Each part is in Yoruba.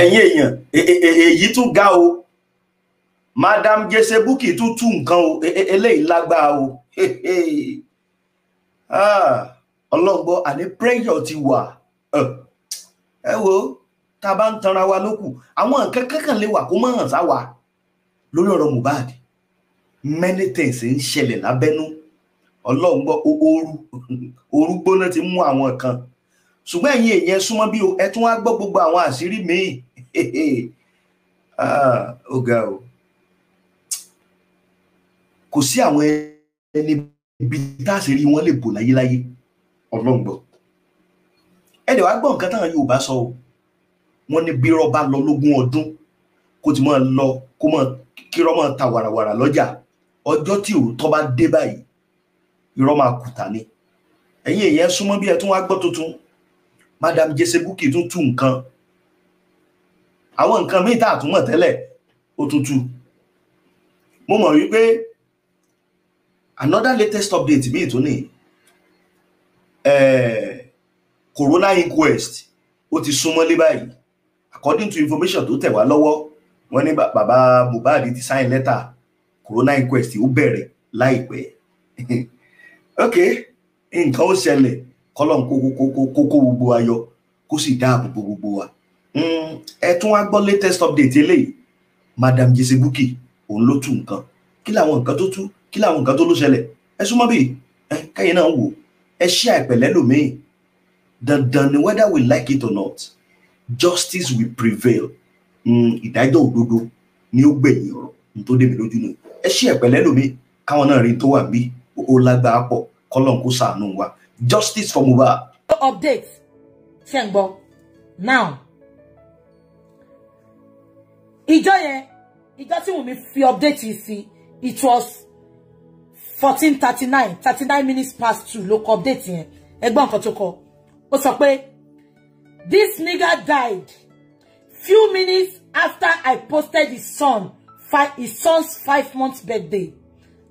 ẹ̀yin èèyàn e, e, e, èyí tún ga o madam jese buki tún tú nǹkan o eléyìí lágbára o ah, ọlọ́gbọ́n àní pressure ti wà ẹ wo tá a bá ń tanra wa lókù àwọn nǹkan kankan lè wà kó mọ̀ hàn sáwà lórí ọ̀rọ̀ Mohbad many things ń ṣẹlẹ̀ lábẹ́nú ọlọ́gbọ́n ooru ooru gbóná ti mú àwọn kan ṣùgbọ́n ẹ̀yin èèyàn súnmọ́ bí o ẹ tún wá gbọ́ gbogbo àwọn àṣírí míì ah, ó ga o kò sí àwọn ẹni ibi táṣírí wọn lè bò láyéláyé ọlọ́ngbọ̀n ẹ dẹ̀ wá gbọ́ nǹkan táwọn Yorùbá sọ o wọ́n ní bí rọ́bà lọ lógún ọdún kó ti máa lọ kó máa kírọ́ máa ta wàràwàrà lọ́jà ọjọ́ tí òótọ́ bá dé báyìí irọ́ máa kùtà ni ẹ̀yin èèyàn súnmọ́ bí ẹ tún wá gbọ́ tuntun madam jesebuki tún tú nǹkan àwọn nǹkan míì tá a tún mọ̀ tẹ́lẹ̀ ó tún mo mọ̀ wípé another latest update míì tún ní eh, corona inquest ó ti súnmọ́lé báyìí according to information tó tẹ̀ wá lọ́wọ́ wọ́n ní bàbá mohbad ti sign letter corona inquest ó bẹ̀rẹ̀ láìpẹ́ ok nǹkan ó ṣẹlẹ̀ kọ́lọ́n kó kó kó kó kó gbogbo wa yọ kó sì dáàbò gbogbo wa. Hmm, ẹ tún wá gbọ́ latest update eléyìí madam jesse buki òun ló tú nǹkan kí làwọn nǹkan tó tú kí làwọn nǹkan tó ló ṣẹlẹ̀ ẹ súnmọ́ bíi ẹ náà wò ẹ ṣí àìpẹ̀lẹ́ lòmíì dandan ni whether we like it or not justice will prevail hmm, ìdájọ́ òdodo ni ó gbẹ̀yìn ọ̀rọ̀ nítorí débi lójú nù ẹ ṣí àìpẹ̀lẹ́ lòmíì káwọn náà rí tó wà bí ó lágbára pọ̀ kọ́lọ́n kó ṣàánú wa justice for Muba. update ṣe ń now ìjọ yẹn ìjọ tí Wùnmí fi update yìí sí it was fourteen thirty nine thirty nine minutes past two Look, update yẹn Egbon nǹkan tó kọ ó sọ this nigga died few minutes after I posted his son five his son's five months birthday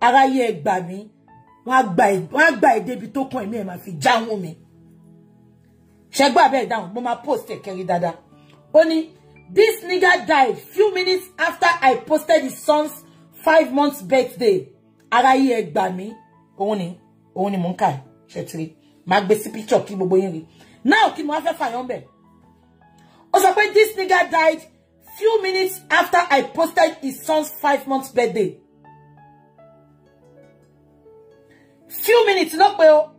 aráyé ẹ gbà mí wọ́n á gba wọ́n á gba èdè ibi tó kún ẹ̀mí ẹ̀ máa fi jáwọ́ mi ṣẹgbà bẹ́ẹ̀ dáhùn mo máa post ẹ̀ kẹrin dáadáa ó ní this nigga died few minutes after I posted his son's five months birthday ara yìí ẹ gbà mí òun ni òun ni mò ń kà ṣètìrì màá gbé sí picture kí gbogbo yín rí now kí mo wá fẹ́ fàyàn bẹ̀ ó sọ pé this nigga died few minutes after I posted his son's five months birthday. few minutes ló pé o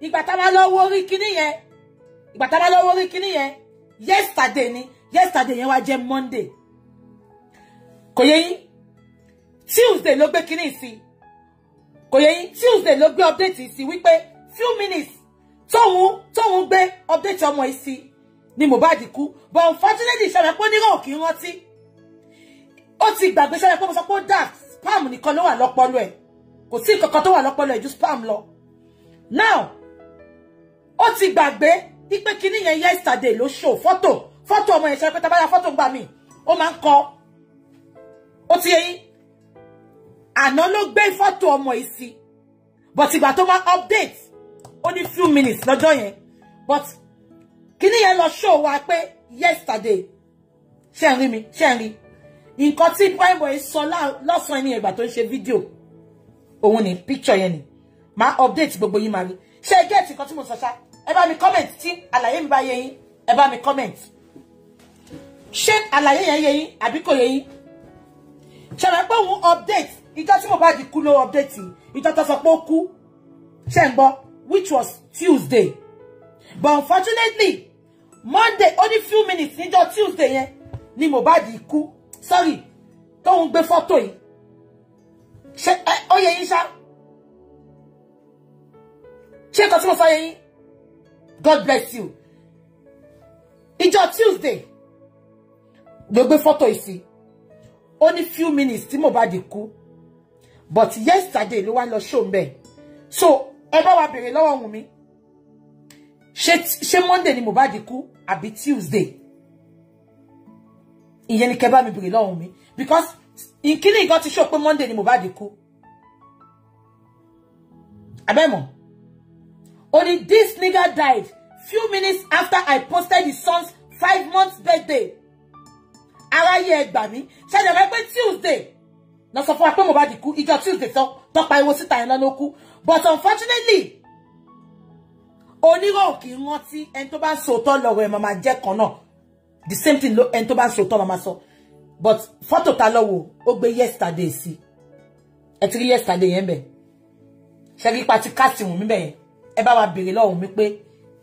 ìgbà tá a máa lọ wo orí kíní yẹn ìgbà tá a máa lọ wo kíní yẹn yesterday ni yesterday yẹn wá jẹ́ monday kò yẹ yín tuesday ló gbé kíní sí kò yẹ yín tuesday ló gbé update sí wípé few minutes tóun tóun gbé update ọmọ yìí sí ni Mohbad kú but unfortunately ìṣẹ̀lẹ̀ pé onírò kì í rántí ó ti gbàgbé ìṣẹ̀lẹ̀ pé mo sọ pé ó dà spam nìkan ló wà lọ́pọ̀lọ́ ẹ̀ kò sí kankan tó wà lọ́pọlọ ju spam lọ now ó ti gbàgbé wípé kíní yẹn yesterday ló show fọ́tò fọ́tò ọmọ yẹn ṣe pé tábàyà fọ́tò ń gbà mí ó máa ń kọ ó ti yẹyìn àná ló gbé fọ́tò ọmọ yìí sí but ìgbà tó máa update ó ní few minutes lọ́jọ́ yẹn but kíní yẹn lọ show wa pé yesterday ṣe ń rí mi ṣe ń rí nǹkan tí prime boy sọ lọ́sàn-án ẹni ìgbà tó ń ṣe fídíò òun ni picture yẹn ni máa update gbogbo yín máa rí ṣé ẹ gẹ́ẹ̀tì kan tí mo sọ ṣá ẹ bá mi comment tí àlàyé mi bá yé yín ẹ bá mi comment ṣé àlàyé yẹn yé yín àbí kò yé yín ṣe rẹ pé òun update ìjọ tí mo bá di kú ló update ìjọ tó sọ pé ó kú ṣe ń gbọ́ which was Tuesday but unfortunately Monday only few minutes níjọ́ Tuesday yẹn ni mo di kú sorry tóun gbé fọ́tò yìí ṣe ẹ ó yẹ yín ṣá ṣé nǹkan tí mo sọ yẹ yín God bless you ìjọ Tuesday ló gbé fọ́tò yìí sí ó ní few minutes tí di kú but yesterday ló wá lọ show mbẹ so ẹ bá wa bèrè lọ́wọ́ Wunmi ṣé ṣé Monday ni di kú àbí Tuesday ìyẹn ni kẹ́ bá mi bèrè lọ́wọ́ Wunmi because ìkíní nǹkan ti sọ pé Monday ni Mohbad kú abẹ́mọ̀ only this nigger died few minutes after I posted his son's five months birthday aráyé ẹgbà mi ṣẹlẹ̀ rẹ pé Tuesday lọ sọ fún wa pé Mohbad kú ìjọ Tuesday tán tọpa ewo síta ẹ̀ lọ́nà ó kú but unfortunately onírọ̀ kì í rántí ẹni tó bá ń sòótọ́ lọ́rọ̀ ẹ̀ máa jẹ́ kan náà the same thing ẹni tó bá ń sòótọ́ máa sọ. So but fọ́tò ta lọ́wọ́ ó gbé yesterday sí ẹ ti rí yesterday yẹn bẹ̀ ṣẹ́gi pa ti káàsì wù mí bẹ̀ yẹn ẹ bá wa béèrè lọ́wọ́ mi pé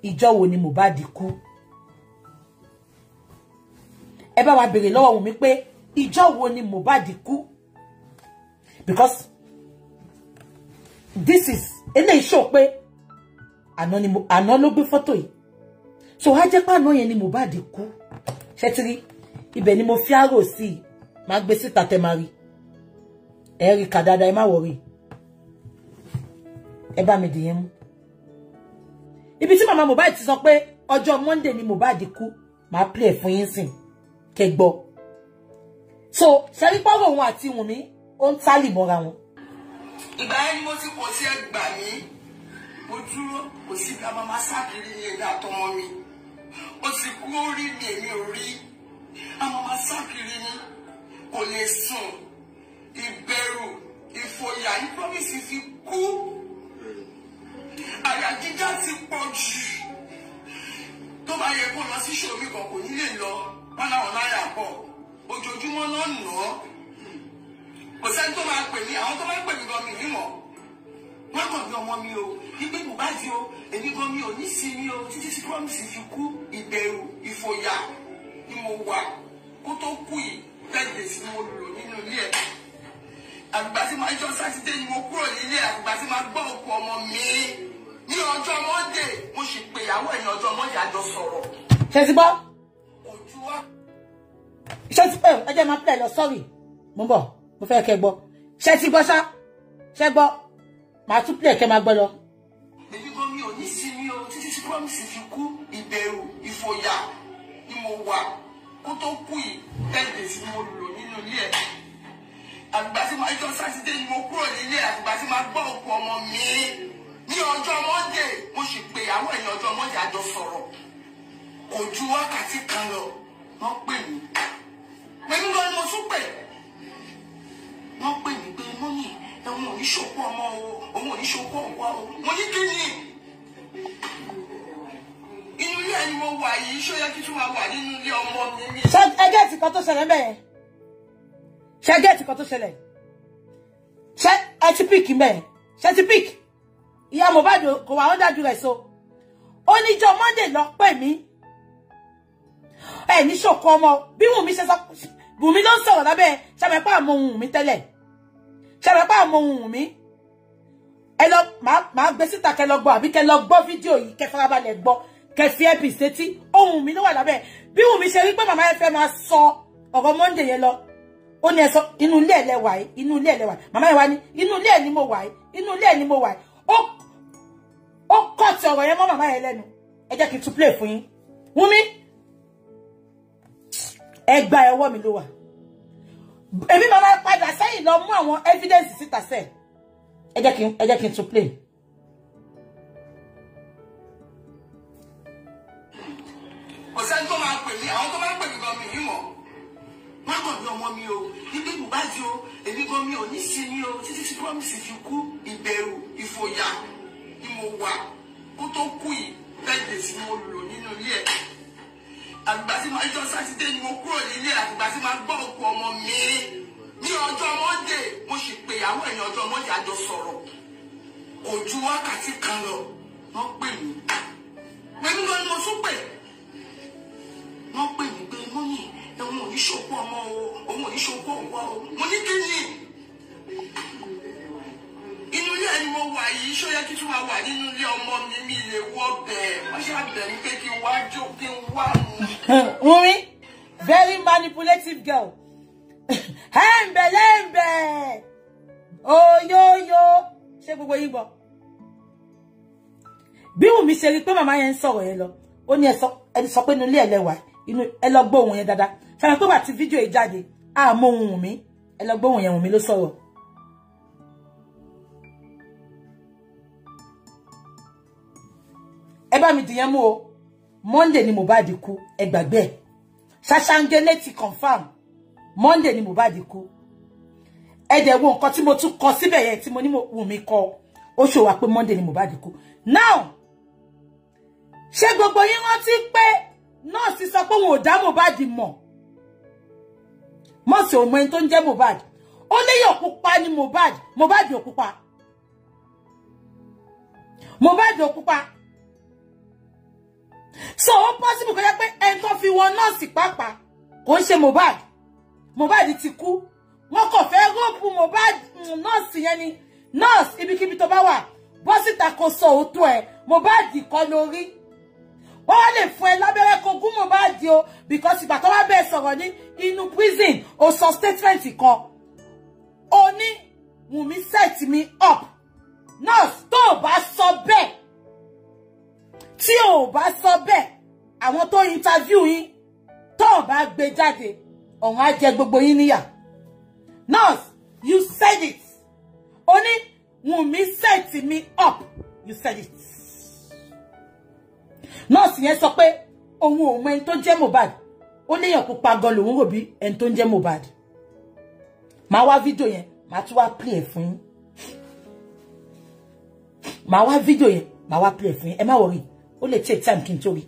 ìjọ wo ni Mohbad kú ẹ bá wa béèrè lọ́wọ́ mi pé ìjọ wo ni Mohbad kú because this is eléyìí show pé àná ló gbé fọ́tò yìí so á jẹ́ pé àná yẹn ni Mohbad kú ṣe ti rí ibẹ̀ ni mo fi àrò sí i máa gbé síta tẹ máa rí ẹ rí kà dáadáa ẹ má wọrí ẹ bá mi dìyẹn mú ibi tí màmá Mohbad ti sọ pé ọjọ́ Monday ni Mohbad kú màá play fún yín sìn kẹ gbọ́ so ṣẹ́rí pọ́rọ̀ òun àti Wùnmí ó ń tálì mọ́ra wọn. ìgbà yẹn ni mo ti kò sí ẹgbà mi mo dúró kò sí bí máa máa ṣàkiri ní èmi àtọmọ mi ó sì kú ó rí èmi ò rí àmọ́ máa sá kiri ni kò lè sùn ìbẹ̀rù ìfòyà ìpọ́nmísì ti kú àyà jíjá ti pọ̀ jù tó bá yẹ kó lọ sí ṣòmí kan kò ní lè lọ wọn làwọn láyà pọ̀ ojoojúmọ́ náà nà án kò sẹ́ni tó máa pè mí àwọn tó máa pè mí gan mi nímọ̀ wọn kàn bí ọmọ mi o gbígbé bùbá di o èmi gan mi ò ní sinmi o títí tí promise fi kú ìbẹ̀rù ìfòyà ni mo wà kó tó kú yìí ten days ni mo lò nínú ilé ẹ̀ àgbà tí máa ń jọ sátidé ni mo kúrò nílé àgbà tí máa gbọ́ òkú ọmọ mi ní ọjọ́ mọ́ndé mo sì pé ìyàwó ẹ̀ ọjọ́ mọ́ndé àjọ sọ̀rọ̀. ṣe ti bọ́. ojú wa. ṣé ti pẹ́ ẹ jẹ́ máa pẹ́ lọ sọ́ọ̀rì mo bọ̀ mo fẹ́ kẹ́ gbọ́ ṣé ti gbọ́ ṣá ṣé gbọ́ màá tún pẹ́ kẹ́ máa gbọ́ lọ. bèbí gan mi ò ní sinmi o títí tí promise fi kú ìbẹ̀rù ìfòyà mo wà kó tó kú yìí ten days ni mo lò nínú ilé ẹ̀ àgbà tí máa jọ sátidé ni mo kúrò nílé àgbà tí máa gbọ́ òkú ọmọ mi ní ọjọ́ mọ́ndé mo sì pé àwọn èèyàn ọjọ́ mọ́ndé àjọ sọ̀rọ̀ kò ju wákàtí kan lọ wọ́n pè mí pé nígbà ni mo tún pè wọ́n pè mí pé mọ́mì ẹ̀wọ̀n ò ní ṣòkú ọmọ o òun ò ní ṣòkú ọ̀wá o mo ní kí ni inú ilé ẹni mo wà yìí ṣó yẹ kí tún máa wà nínú ilé ọmọ mi ni. ṣé ẹgẹ́ ti kan tó ṣẹlẹ̀ mẹ́ẹ̀ ṣé ẹgẹ́ ti kan tó ṣẹlẹ̀ ṣé ẹ ti píìkì mẹ́ẹ̀ ṣé ti píìkì ìyá Mohbad kò wá ọ́n dájú rẹ̀ so oníjọ́ Monday lọ pè mí ẹ ní ṣòkò ọmọ bí Wùnmí ṣe sọ Wùnmí ló ń sọ̀rọ̀ lábẹ́ ṣàmẹ́pà àmọ́ ohun mi tẹ́lẹ̀ ṣàmẹ́pà àmọ́ ohun mi ẹ lọ máa gbé síta kẹ́ lọ gbọ́ àbí kẹ́ lọ gbọ́ fídíò yìí kẹ́ farabalẹ̀ gbọ́ kẹfí ẹbí sétí ohun mi ló wà lábẹ́ bí wùmí ṣe rí pé màmá ẹ fẹ́ máa sọ ọ̀rọ̀ Monday yẹn lọ ó ní ẹ sọ inú ilé ẹ lẹwà yìí inú ilé ẹ lẹwà yìí màmá ẹ wá ní inú ilé ẹ ni mo wà yìí inú ilé ẹ ni mo wà yìí ó kọ́ ti ọ̀rọ̀ yẹn mọ́ màmá ẹ lẹ́nu ẹ jẹ́ kí n tún play fún yín wùmí ẹgbà ẹwọ́ mi ló wà èmi màmá padà sẹ́yìn lọ mú àwọn evidence síta sẹ́ẹ̀ ẹ jẹ́ kí n tún play. kò sẹ́ni tó máa pè mí àwọn tó máa pè mí gan mi yìí mọ̀ wọ́n kàn ní ọmọ mi o ibi bùbá o èmi gan mi ò ní sí ni o títí tí promise fi kú ìbẹ̀rù ìfòyà ni mo wà kó tó kú yìí bẹ́ẹ̀ tí mo lò nínú ilé ẹ̀ àgbà tí màá jọ sátidé ni mo kúrò nílé àgbà tí màá gbọ́ òkú ọmọ mi ní ọjọ́ mọ́ndé mo sì pè àwọn èèyàn ọjọ́ mọ́ndé àjọ sọ̀rọ̀ kò ju wákàtí kan lọ wọ́n pè mí pẹ̀lú lọ́ni mo tún pè wọ́n pè mí pé mọ́mì ẹ̀wọ̀n oníṣòwò ọmọ o òun oníṣòwò ọ̀wọ́ o mo ní kí ni inú ilé ni mo wà yìí ṣó yẹ kí tí wàá wà nínú ilé ọmọ mi mi lè wọ bẹ́ẹ̀ wọ́n ṣàbẹ̀ mí pé kí n wá jó kí n wá mu. Wunmi very manipulative girl ẹ̀ǹbẹ̀ lẹ́ǹbẹ̀ oyoyo ṣé gbogbo yín gbọ́ bí Wunmi ṣe rí pé màmá yẹn ń sọ̀rọ̀ yẹn lọ ó ní ẹni sọ pé nílé ẹlẹ́wàá inú ẹ lọ gbọ́ ohùn yẹn dáadáa fẹ́ràn pé wà tí fídíò yìí jáde àmọ́ ohùn mi ẹ lọ gbọ́ ohùn yẹn ohùn mi ló sọ̀rọ̀. ẹ bá mi dìyẹn mú o Monday ni Mohbad kú ẹ gbàgbé ẹ ṣàṣàǹgẹlẹ ti confam Monday ni Mohbad kú ẹ dẹ̀ wo nǹkan tí mo tún kọ síbẹ̀ yẹn tí mo ní wù mí kọ ó ṣòwà pé Monday ni Mohbad kú now ṣé gbogbo yín rántí pé nọ́ọ̀sì sọ pé òun ò dá Mohbad mọ̀ mọ́ọ̀sì ò mọ ẹni tó ń jẹ́ Mohbad ó léyìn òpupa ni Mohbad Mohbad òpupa Mohbad òpupa so ó pọ́sibù kọjá pé ẹni tó fi wọn nọ́ọ̀sì pàápàá kò ń ṣe Mohbad Mohbad ti kú wọn kò fẹ́ rọ́ọ̀pù Mohbad mm, nọ́ọ̀sì yẹn ni nọ́ọ̀sì ibikíbi tó bá wà bọ́sítà kò sọ òótọ́ ẹ̀ Mohbad kọ́ lórí ó lè fún ẹ lábẹ́rẹ́ kó gún Mohbad o because ìgbà tó wá bẹ́ẹ̀ sọ̀rọ̀ ní inú prison ó sọ statement kan ó ní Wùnmí set me up nurse tó o bá sọ bẹ́ẹ̀ tí o bá sọ bẹ́ẹ̀ àwọn tó interview yín tó o bá gbé jáde ọ̀hún á jẹ gbogbo yín níyà nurse you said it ó ní Wùnmí set me up you said it nọ́ọ̀sì yẹn sọ pé òun ò mọ ẹni tó jẹ́ Mohbad ó léèyàn pupa gan lòun rò bí ẹni tó ń jẹ́ Mohbad màá wá fídíò yẹn màá tún wá play ẹ̀ fún yín màá wá fídíò yẹn màá wá play ẹ̀ fún yín ẹ má wọrí ó lè take time kí n tó rí.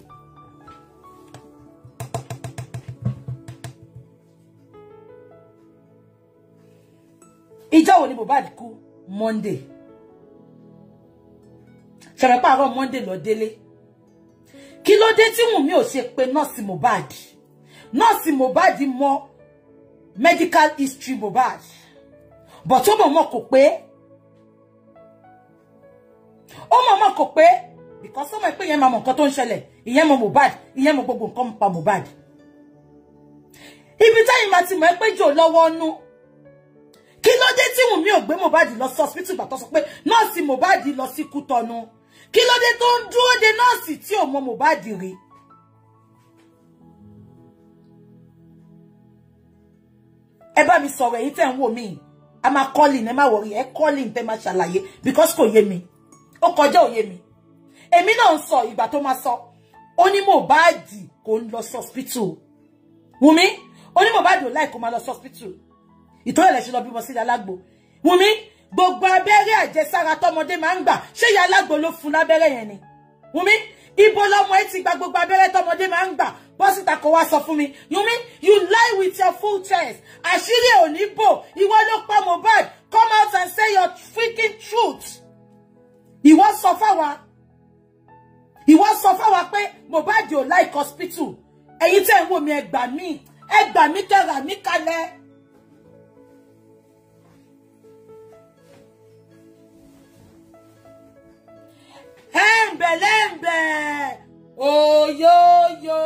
ìjọ́ wo ni Mohbad kú Monday ṣẹ̀rẹ̀pá àárọ̀ Monday lọ délé kí ló dé tí Wùnmí ò ṣe pé nọ́ọ̀sì Mohbad nọ́ọ̀sì Mohbad mọ medical history Mohbad bọ̀ tó mọ̀ mọ̀ kò pé ó mọ̀ mọ̀ kò pé because ó mọ̀ pé ìyẹn máa mọ̀ nǹkan tó ń ṣẹlẹ̀ ìyẹn mọ̀ Mohbad ìyẹn mọ̀ gbogbo nǹkan pa Mohbad ibi táyì máa ti mọ̀ ẹ́ pé jò lọ́wọ́ nú kí ló dé tí Wùnmí ò gbé Mohbad lọ sí hospital gbà tó sọ pé nọ́ọ̀sì Mohbad lọ sí Kútọ́nù kí ló dé tó ń dúró de nọ́ọ̀sì tí ò mọ Mohbad rí ẹ bá mi sọ̀rọ̀ èyí tẹ́ ń wò mí a máa kọ́lì ẹ má wọ̀rí ẹ kọ́lì tẹ́ máa ṣàlàyé because kò yé mi ó kọjá òye mi èmi náà ń sọ ìgbà tó máa sọ ó ní Mohbad kò ń lọ sọ́spítù Wùmí ó ní Mohbad ò láì kó máa lọ sọ́spítù ìtọ́lẹ̀ lẹ́sìn lọ bímọ sí alágbo Wùmí gbogbo abẹ́rẹ́ àjẹsára tọmọdé máa ń gbà ṣé ìyá alágbo ló fún lábẹ́rẹ́ yẹn ni Wùmí ibo lọmọ ẹ ti gba gbogbo abẹ́rẹ́ tọmọdé máa ń gbà bọ́sìtà kò wá sọ fún mi Wùmí you lie with your full chest àṣírí ò ní bò ìwọ ló pa Mohbad come out and say your freaking truth ìwọ sọ fáwa ìwọ sọ fáwa pé Mohbad ò like hospital ẹ̀yin tẹ́ ń wò mí ẹ gbà mí ẹ gbà mí kẹ́ rà mí kalẹ̀. hẹ́ǹbẹ̀lẹ́ǹbẹ̀ òyòyò.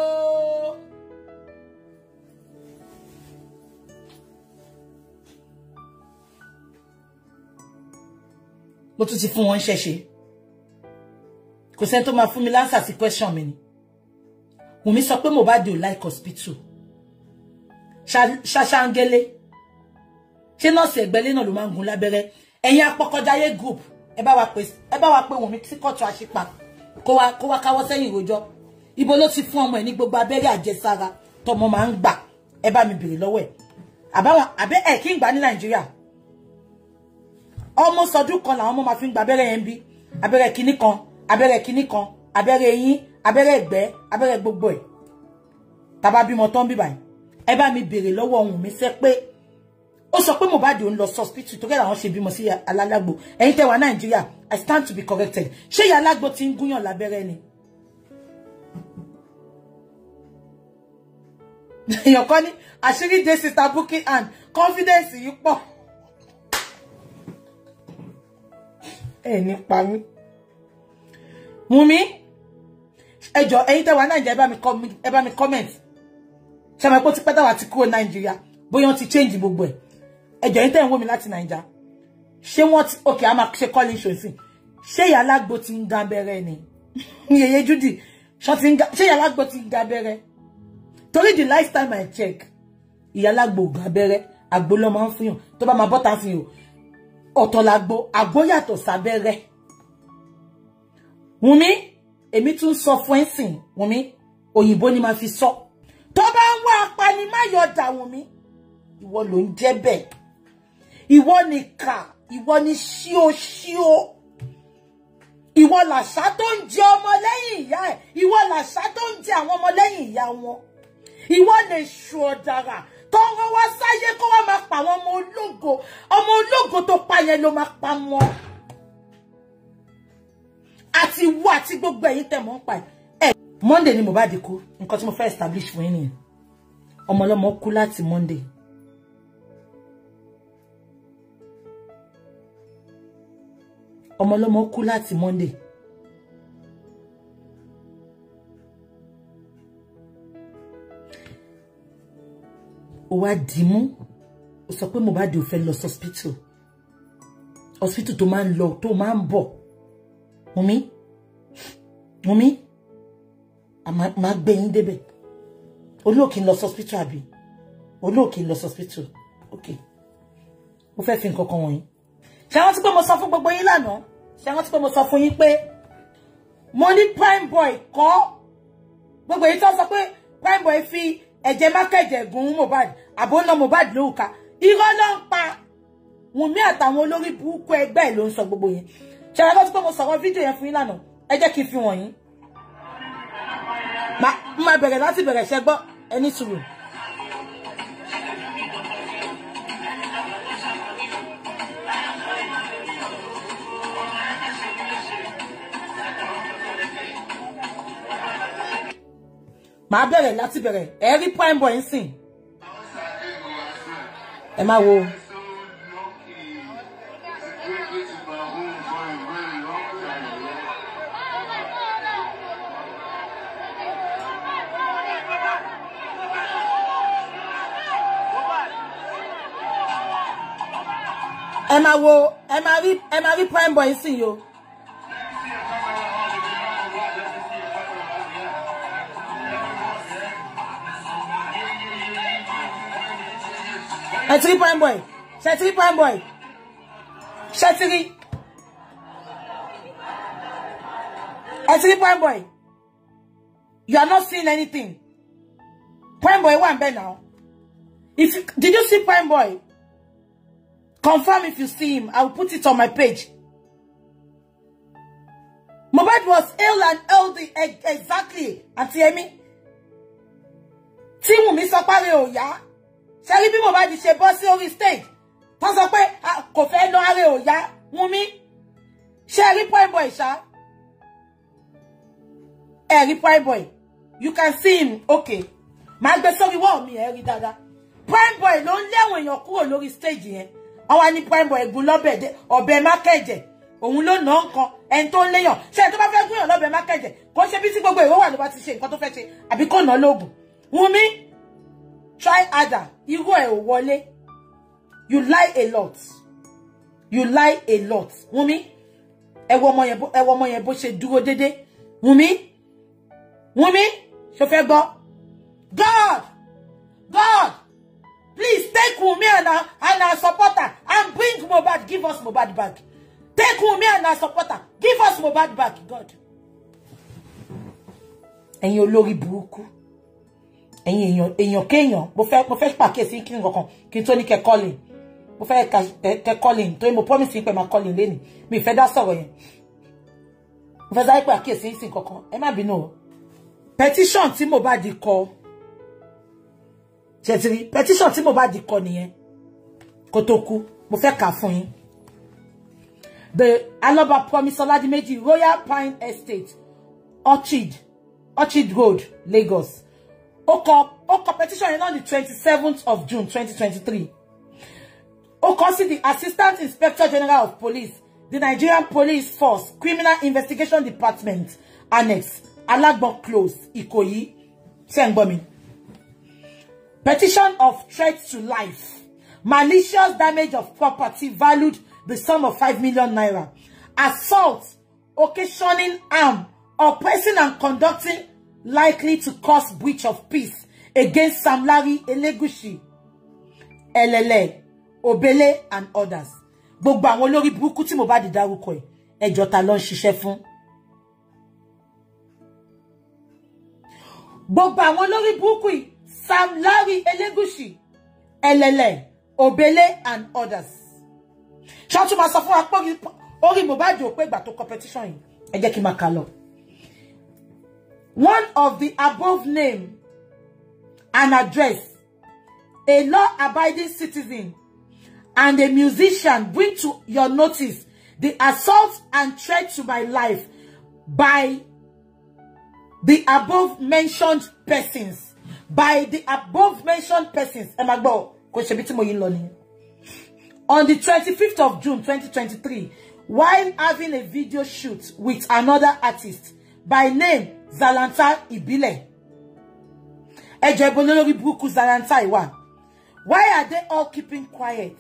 mo tún ti fún wọn ṣẹ̀ṣe kò sẹ́ni tó máa fún mi lánsà sí question mi ni Wùmí sọ pé Mohbad ò like hospital ṣaṣangele ṣé nọ́ọ̀sì ẹ̀gbẹ́lé náà ló máa ń gun lábẹ́rẹ́ ẹ̀yin apọkọjáyé group ẹ bá wa pèsè ẹ bá wa pé Wùnmí tí kọ́tù àṣìpà kó wa kó wa káwọ́ sẹ́yìn rojọ́ ibo ló ti fún ọmọ ẹ̀ ní gbogbo abẹ́rẹ́ àjẹsára tọmọ máa ń gbà ẹ bá mi bèrè lọ́wọ́ ẹ̀ àbáwọn àbẹ́ ẹ̀ kí n gbà ní Nàìjíríà ọmọ sọdún kan làwọn ọmọ máa fi ń gba abẹ́rẹ́ yẹn bí abẹ́rẹ́ kinní kan abẹ́rẹ́ kinní kan abẹ́rẹ́ eyín abẹ́rẹ́ ẹ̀gbẹ́ abẹ́rẹ́ gbogbo ẹ̀ tàbá bímọ tán bíbáyìí ẹ bá mi bèrè lọ́wọ́ Wùnmí ṣé pé ó sọ pé Mohbad ò ń lọ hospital together àwọn ṣe bímọ sí alálàgbò ẹ̀yin tẹ́ wà Nigeria, I stand to be corrected ṣé ìyá alágbò ti ń gúnyàn lábẹ́rẹ́ ni. èèyàn kan ní àṣírí dé síta booking and confidence yìí pọ̀ ẹ̀ nípa mi Wùmí ẹjọ ẹ̀yin tẹ́ wà Nàìjíríà ẹ bá mi comment ṣàmì pé ó ti pẹ́ táwa ti kúrò Nigeria? bóyá wọ́n ti change gbogbo ẹ̀ ẹjọ yín tẹ́ ń wò mí láti naija ṣé wọ́n ti ok a máa ṣe calling show sí ṣé ìyá alágbo ti ń ga abẹ́rẹ́ ni yèyé judy ṣé ìyá alágbo ti ń ga abẹ́rẹ́ torí the last time i check ìyá alágbo ò ga abẹ́rẹ́ àgbo ló máa ń fihàn tó bá máa bọ́ta sí o ọ̀tọ̀ làgbo àgbo yàtọ̀ sábẹ́rẹ́ wùmí èmi tún sọ fún ẹ̀sìn wùmí òyìnbó ni màá fi sọ tó bá ń wá apanimáyọ̀dà wùmí ìwọ ló ń jẹ́ bẹ́ẹ̀ ìwọ ni kà ìwọ ni ṣíó ṣíó ìwọ làṣà tó ń jẹ ọmọ lẹ́yìn ìyá ẹ̀ ìwọ làṣà tó ń jẹ àwọn ọmọ lẹ́yìn ìyá wọn ìwọ lè ṣù ọ̀dàrà tó ń wá sáyé kó wá máa pa àwọn ọmọ ológo ọmọ ológo tó pa yẹn ló máa pa mọ́ àti wú àti gbogbo ẹ̀yin tẹ̀ mọ́ ń pa ẹ̀. Monday ni Mohbad kú nǹkan tí mo fẹ́ establish fún yín nìyẹn ọmọ ọlọ́mọ kú láti Monday. ọmọlọ́mọ kú láti Monday ó wá dìímú ó sọ pé Mohbad ò fẹ́ lọ hospital hospital tó máa ń lọ tó máa ń bọ̀ Wunmi Wunmi màá gbé yín débẹ̀ olóòkè ń lọ hospital àbí olóòkè ń lọ hospital ok mo fẹ́ fi nǹkan kan wọ̀nyí ṣé wọ́n ti pé mo sọ fún gbogbo yín lánàá ṣé wọ́n ti pé mo sọ fún yín pé mo ní prime boy kọ́ gbogbo yín tó sọ pé prime boy fi ẹ̀jẹ̀ mákẹ́jẹ̀ gún Mohbad àbó ná Mohbad lóòka irọ́ ló ń pa Wùnmí àtàwọn olórí burúkú ẹgbẹ́ ẹ̀ ló ń sọ gbogbo yẹn ṣé wọ́n ti pé mo sọ̀rọ̀ fídíò yẹn fún yín lánàá ẹ jẹ́ kí n fi wọ̀nyí máa bẹ̀rẹ̀ láti bẹ̀rẹ̀ ṣẹ́gbọ́ ẹni sùúrù. Ma bẹ̀rẹ̀ láti bẹ̀rẹ̀ ẹ rí prime boy nsìn ẹ má wo. ẹ máa wo ẹ máa rí ẹ máa prime boy nsìn yìí o. ẹ ti prime boy ṣe ti prime boy ṣe ti rí ẹ prime boy you are not seeing anything prime boy wà ń bed now if you, did you see prime boy confirm if you see him i will put it on my page bed was ill and healthy exactly àti me. tí wùmí sọ ò yá. ṣẹ́rí bí Mohbad ṣe bọ́ sí orí stage tó sọ pé kò fẹ́ lọ ara ò yá Wunmi ṣẹ́rí prime boy ṣá ẹ̀rí prime boy you can see him okay máa gbé sórí wọ́ọ̀ mi ẹ̀ rí dáadáa prime boy ló ń léwọ̀n èèyàn kúrò lórí stage yẹn wọ́n wá ní prime boy gun lọ́bẹ̀ ọ̀bẹ mákẹ́jẹ̀ òun ló nà án kan ẹni tó ń léyàn ṣe tó bá fẹ́ gúnyàn lọ́bẹ̀ mákẹ́jẹ̀ kó ṣe bí tí gbogbo èrò wà ló bá ti ṣe nǹkan tó fẹ́ ṣe àbí kó nà án lóògùn Wunmi try harder irú ẹ̀ ò wọlé you lie a lot you lie a lot Wunmi ẹ wo ọmọ yẹn bó ẹ wo ọmọ yẹn bó ṣe dúró déédéé Wunmi Wunmi ṣo fẹ́ gbọ́ God God please take Wunmi and her and her supporter and bring Mohbad give us Mohbad back take Wunmi and her supporter give us Mohbad back God ẹ̀yin olórí burúkú ẹ̀yin èèyàn èèyàn kéèyàn mo fẹ́ mo fẹ́ pàkíyèsí kí n kankan kí n tó ní kẹ́ calling mo fẹ́ kẹ́ calling torí mo promise pé máa calling lẹ́nu mi ìfẹ́ dá sọ̀rọ̀ yẹn mo fẹ́ sáré pàkíyèsí sí kankan ẹ má bínú o petition tí Mohbad kọ ṣètìrí petition tí Mohbad kọ nìyẹn kó tó kú mo fẹ́ kà fún yín the Aloba Promise Oladimeji Royal Pine Estate Orchid Orchid Road Lagos ó kọ ó kọ petition yẹn náà ní twenty seventh of June twenty twenty three ó the Assistant Inspector General of Police the Nigerian Police Force Criminal Investigation Department Annex Alagbon Close Ikoyi ṣé petition of threat to life malicious damage of property valued the sum of five million naira assault occasioning harm oppressing and conducting likely to cause breach of peace against Sam Larry Elegushi, Elele, Obele, and others. Gbogbo àwọn olórí burúkú tí mo bá di dárúkọ ẹ̀, ẹjọ́ ta ló ń ṣiṣẹ́ fún. Gbogbo àwọn olórí burúkú yìí, Sam Larry Elegushi, Elele, Obele, and others. Ṣọ́tún máa sọ fún wa pé orí Mohbad ò pé ìgbà tó competition yìí, ẹ jẹ́ kí n máa kà lọ one of the above name and address, a law-abiding citizen, and a musician bring to your notice the assault and threat to my life by the above mentioned persons. By the above mentioned persons. Ẹ máa gbọ́, kò mo yín lọ On the 25th of June 2023, while having a video shoot with another artist by name Zalanta ìbílẹ̀ ẹjọ́ ibo lórí burúkú Zalanta ìwà why are they all keeping quiet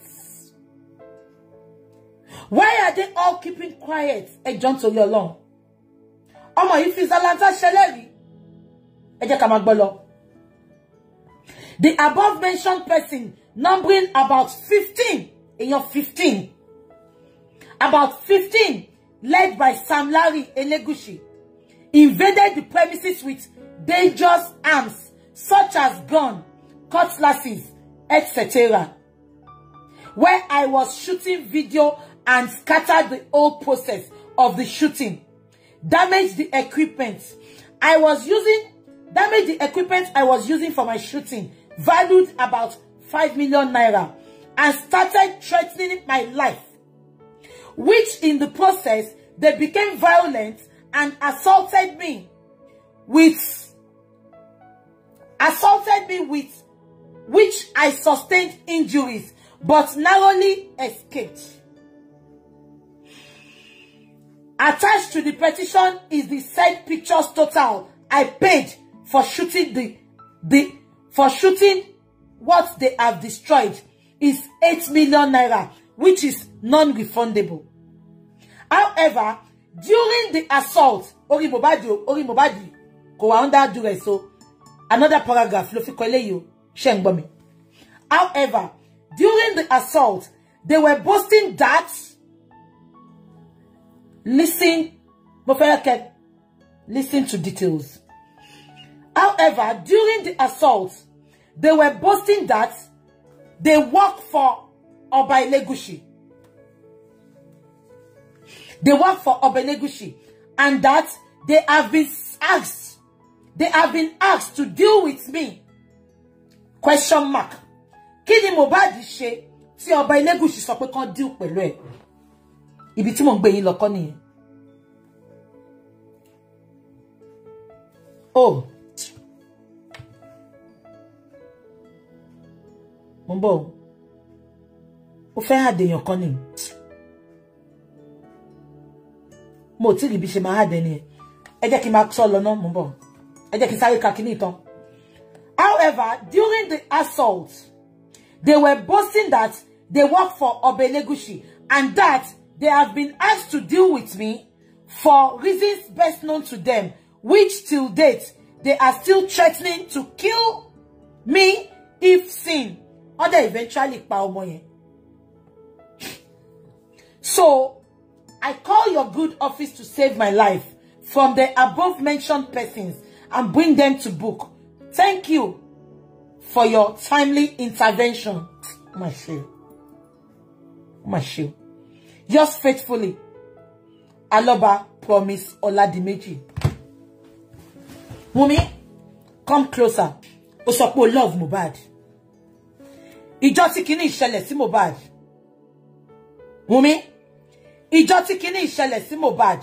why are they all keeping quiet ẹjọ́ nítorí Ọlọ́run ọmọ yìí fi Zalanta ṣẹlẹ̀ rí ẹ ká máa gbọ́ lọ. The above mentioned person numbering about fifteen, èèyàn fifteen, about fifteen, led by Sam Larry Elegushi invaded the premises with dangerous arms such as gun, cutlasses, etc. Where I was shooting video and scattered the whole process of the shooting, damaged the equipment I was using, damaged the equipment I was using for my shooting, valued about 5 million naira, and started threatening my life, which in the process, they became violent and assaulted me with assaulted me with which I sustained injuries but narrowly escaped. Attached to the petition is the said pictures total I paid for shooting the the for shooting what they have destroyed is 8 million naira which is non-refundable. However, during the assault Ori Mohbad Ori Mohbad kò wá under duress So another paragraph ló fi kọ eléyìí o ṣe ń mi however during the assault they were boasting that listen mo fẹ́ kẹ́ listen to details however during the assault they were boasting that they work for Ọba Elegushi They work for Obenegushi. And that they have been asked. They have been asked to deal with me. Question mark. Kini ni Mohbad ṣe Obenegushi Ọba Elegushi deal pẹ̀lú ẹ̀? Ibi tí mò ń gbé yín Oh. Mo ń bọ̀ o. Ó fẹ́ àdèyàn kan mo ti rí bí ṣe máa hàdẹ nìyẹn ẹ jẹ́ kí n máa sọ lọ náà mò ń bọ̀ ẹ jẹ́ kí n sáré ka kíní ìtàn. however during the assault they were boasting that they work for Obelegushi and that they have been asked to deal with me for reasons best known to them which till date they are still threatening to kill me if seen. Or they eventually pa ọmọ yẹn. So I call your good office to save my life from the above mentioned persons and bring them to book. Thank you for your timely intervention. Mashu. Mashu. Yours faithfully, Aloba Promise Oladimeji. Mummy, come closer. Ó love Mohbad. Ìjọ tí kinní ìṣẹ̀lẹ̀ sí Mohbad. Wunmi ìjọ tí kinní ìṣẹ̀lẹ̀ sí Mohbad